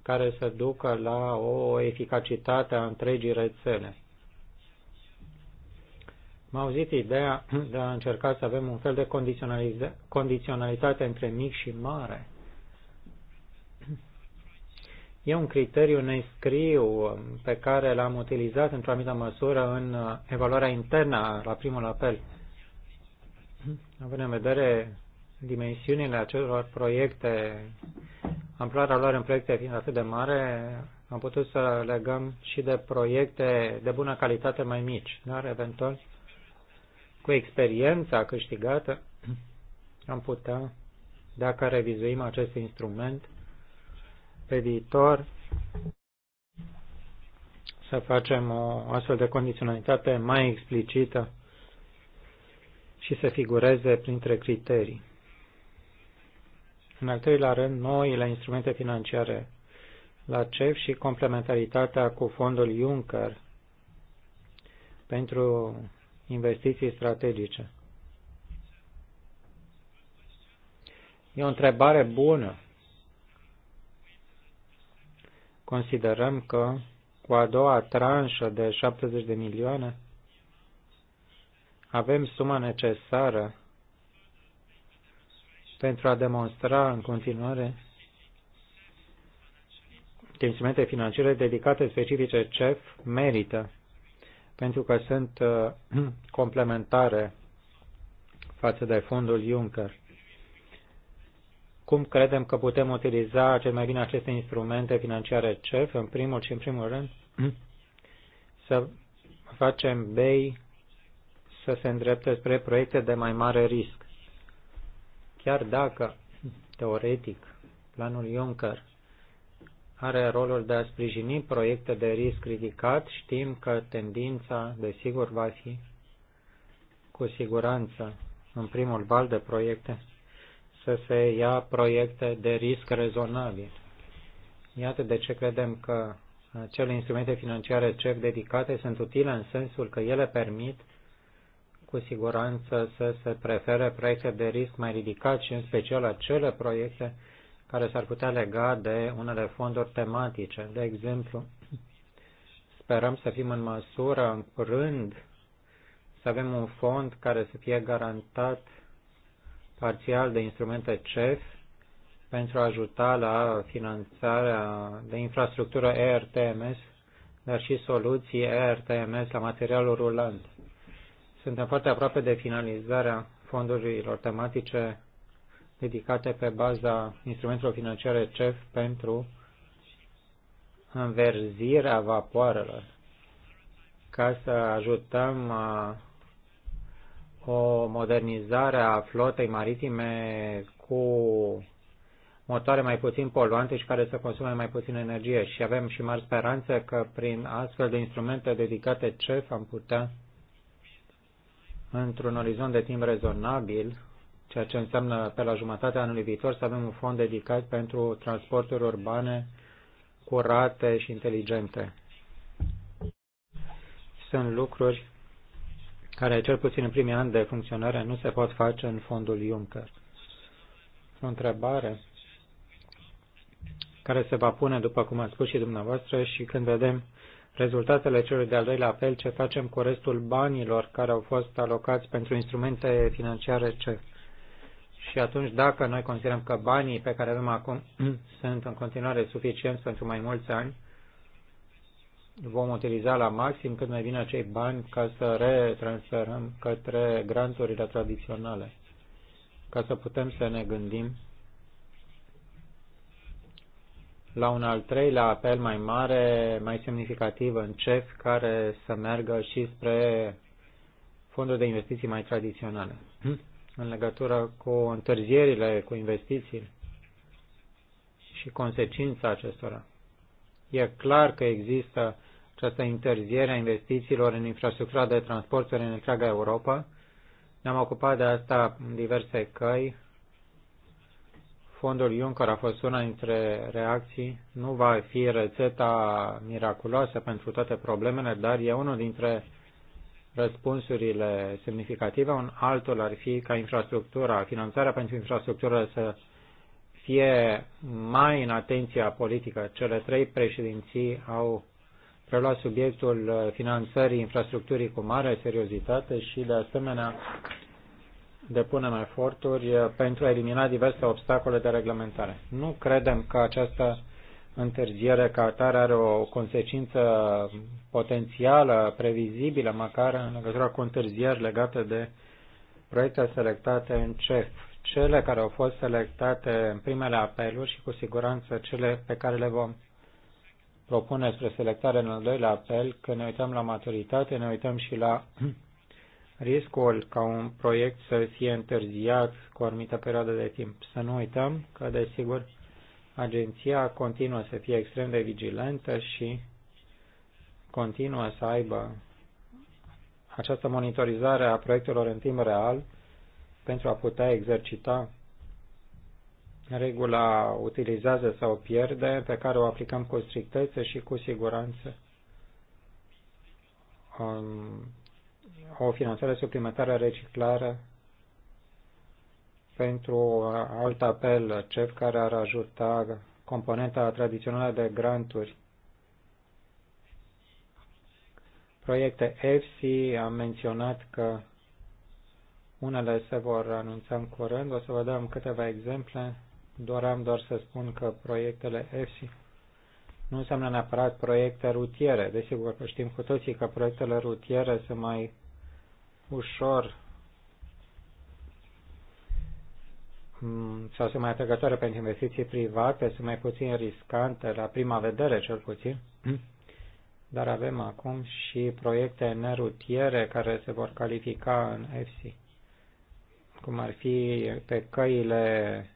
care să ducă la o eficacitate a întregii rețele. M-a auzit ideea de a încerca să avem un fel de condiționalitate între mic și mare. E un criteriu nescriu pe care l-am utilizat într-o anumită măsură în uh, evaluarea internă la primul apel. Având în vedere dimensiunile acelor proiecte, amploarea lor în proiecte fiind atât de mare, am putut să legăm și de proiecte de bună calitate mai mici, dar eventual cu experiența câștigată am putea, dacă revizuim acest instrument, pe viitor să facem o astfel de condiționalitate mai explicită și să figureze printre criterii. În al treilea rând, noile instrumente financiare la CEF și complementaritatea cu fondul Juncker pentru investiții strategice. E o întrebare bună. considerăm că cu a doua tranșă de 70 de milioane avem suma necesară pentru a demonstra în continuare că instrumente financiare dedicate specifice CEF merită, pentru că sunt uh, complementare față de fondul Juncker cum credem că putem utiliza cel mai bine aceste instrumente financiare CEF, în primul și în primul rând, să facem BEI să se îndrepte spre proiecte de mai mare risc. Chiar dacă, teoretic, planul Juncker are rolul de a sprijini proiecte de risc ridicat, știm că tendința, desigur, va fi cu siguranță în primul val de proiecte să se ia proiecte de risc rezonabil. Iată de ce credem că acele instrumente financiare CEF dedicate sunt utile în sensul că ele permit cu siguranță să se prefere proiecte de risc mai ridicat și în special acele proiecte care s-ar putea lega de unele fonduri tematice. De exemplu, sperăm să fim în măsură în curând să avem un fond care să fie garantat parțial de instrumente CEF pentru a ajuta la finanțarea de infrastructură ERTMS, dar și soluții ERTMS la materialul rulant. Suntem foarte aproape de finalizarea fondurilor tematice dedicate pe baza instrumentelor financiare CEF pentru înverzirea vapoarelor ca să ajutăm uh, o modernizare a flotei maritime cu motoare mai puțin poluante și care să consume mai puțin energie. Și avem și mari speranțe că prin astfel de instrumente dedicate CEF am putea, într-un orizont de timp rezonabil, ceea ce înseamnă pe la jumătatea anului viitor, să avem un fond dedicat pentru transporturi urbane curate și inteligente. Sunt lucruri care cel puțin în primii ani de funcționare nu se pot face în fondul Juncker. O întrebare care se va pune, după cum a spus și dumneavoastră, și când vedem rezultatele celui de-al doilea apel, ce facem cu restul banilor care au fost alocați pentru instrumente financiare ce. Și atunci, dacă noi considerăm că banii pe care avem acum sunt în continuare suficienți pentru mai mulți ani, vom utiliza la maxim cât mai bine acei bani ca să retransferăm către granturile tradiționale, ca să putem să ne gândim la un al treilea apel mai mare, mai semnificativ în CEF, care să meargă și spre fonduri de investiții mai tradiționale. În legătură cu întârzierile, cu investiții și consecința acestora. E clar că există această interziere a investițiilor în infrastructura de transporturi în întreaga Europa. Ne-am ocupat de asta în diverse căi. Fondul Juncker a fost una dintre reacții. Nu va fi rețeta miraculoasă pentru toate problemele, dar e unul dintre răspunsurile semnificative. Un altul ar fi ca infrastructura, finanțarea pentru infrastructură să fie mai în atenția politică. Cele trei președinții au preluat subiectul finanțării infrastructurii cu mare seriozitate și, de asemenea, depunem eforturi pentru a elimina diverse obstacole de reglementare. Nu credem că această întârziere ca atare are o consecință potențială, previzibilă, măcar în legătură cu întârzieri legate de proiecte selectate în CEF cele care au fost selectate în primele apeluri și cu siguranță cele pe care le vom propune spre selectare în al doilea apel, când ne uităm la maturitate, ne uităm și la riscul ca un proiect să fie întârziat cu o anumită perioadă de timp. Să nu uităm că, desigur, agenția continuă să fie extrem de vigilentă și continuă să aibă această monitorizare a proiectelor în timp real pentru a putea exercita regula utilizează sau pierde, pe care o aplicăm cu strictețe și cu siguranță. Um, o finanțare suplimentară reciclară pentru alt apel, CEF, care ar ajuta componenta tradițională de granturi. Proiecte EFSI, am menționat că unele se vor anunța în curând, o să vă dăm câteva exemple. Doream doar să spun că proiectele EFSI nu înseamnă neapărat proiecte rutiere. Desigur, știm cu toții că proiectele rutiere sunt mai ușor mm, sau sunt mai atrăgătoare pentru investiții private, sunt mai puțin riscante, la prima vedere cel puțin, dar avem acum și proiecte nerutiere care se vor califica în EFSI cum ar fi pe căile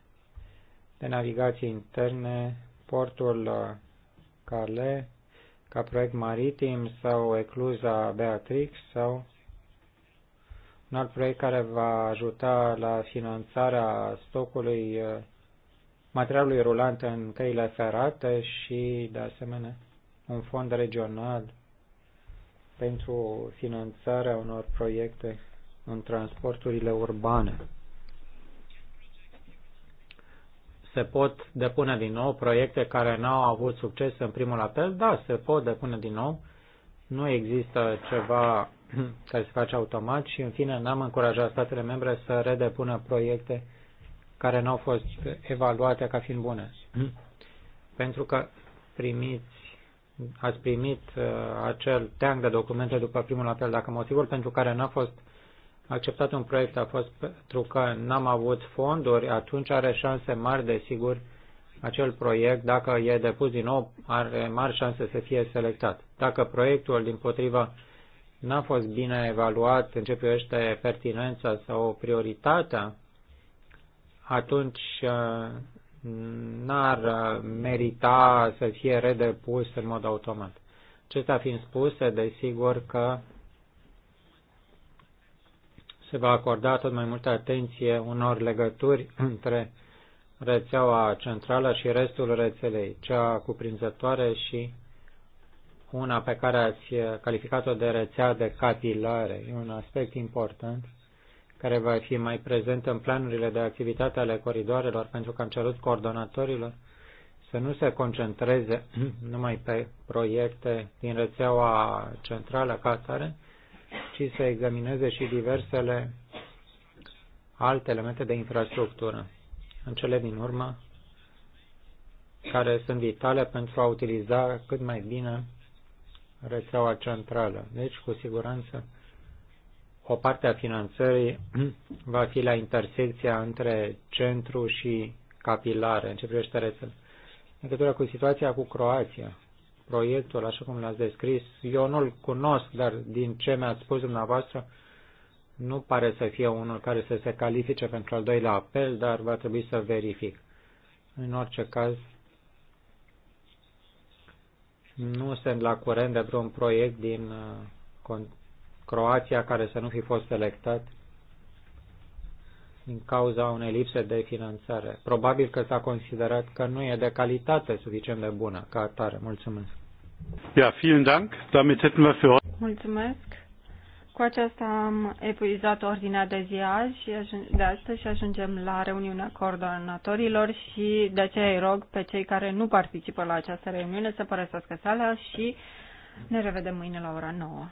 de navigație interne, portul uh, Calais, ca proiect maritim sau ecluza Beatrix sau un alt proiect care va ajuta la finanțarea stocului uh, materialului rulant în căile ferate și, de asemenea, un fond regional pentru finanțarea unor proiecte în transporturile urbane. Se pot depune din nou proiecte care n-au avut succes în primul apel? Da, se pot depune din nou. Nu există ceva care se face automat și, în fine, n-am încurajat statele membre să redepună proiecte care n-au fost evaluate ca fiind bune. Pentru că primiți ați primit uh, acel teanc de documente după primul apel, dacă motivul pentru care n-a fost acceptat un proiect a fost pentru că n-am avut fonduri, atunci are șanse mari, desigur, acel proiect, dacă e depus din nou, are mari șanse să fie selectat. Dacă proiectul, din potriva, n-a fost bine evaluat în ce privește pertinența sau prioritatea, atunci uh, n-ar uh, merita să fie redepus în mod automat. Acestea fiind spuse, desigur că se va acorda tot mai multă atenție unor legături între rețeaua centrală și restul rețelei, cea cuprinzătoare și una pe care ați calificat-o de rețea de capilare. E un aspect important care va fi mai prezent în planurile de activitate ale coridoarelor, pentru că am cerut coordonatorilor să nu se concentreze numai pe proiecte din rețeaua centrală ca atare, ci să examineze și diversele alte elemente de infrastructură. În cele din urmă, care sunt vitale pentru a utiliza cât mai bine rețeaua centrală. Deci, cu siguranță, o parte a finanțării va fi la intersecția între centru și capilare, în ce privește rețele. În legătură cu situația cu Croația, proiectul așa cum l-ați descris. Eu nu-l cunosc, dar din ce mi-ați spus dumneavoastră, nu pare să fie unul care să se califice pentru al doilea apel, dar va trebui să verific. În orice caz, nu sunt la curent de vreun proiect din uh, Croația care să nu fi fost selectat din cauza unei lipse de finanțare. Probabil că s-a considerat că nu e de calitate suficient de bună ca atare. Mulțumesc. Ja, vielen Dank. Damit hätten wir für Mulțumesc. Cu aceasta am epuizat ordinea de zi azi și de astăzi și ajungem la reuniunea coordonatorilor și de aceea îi rog pe cei care nu participă la această reuniune să părăsească sala și ne revedem mâine la ora 9.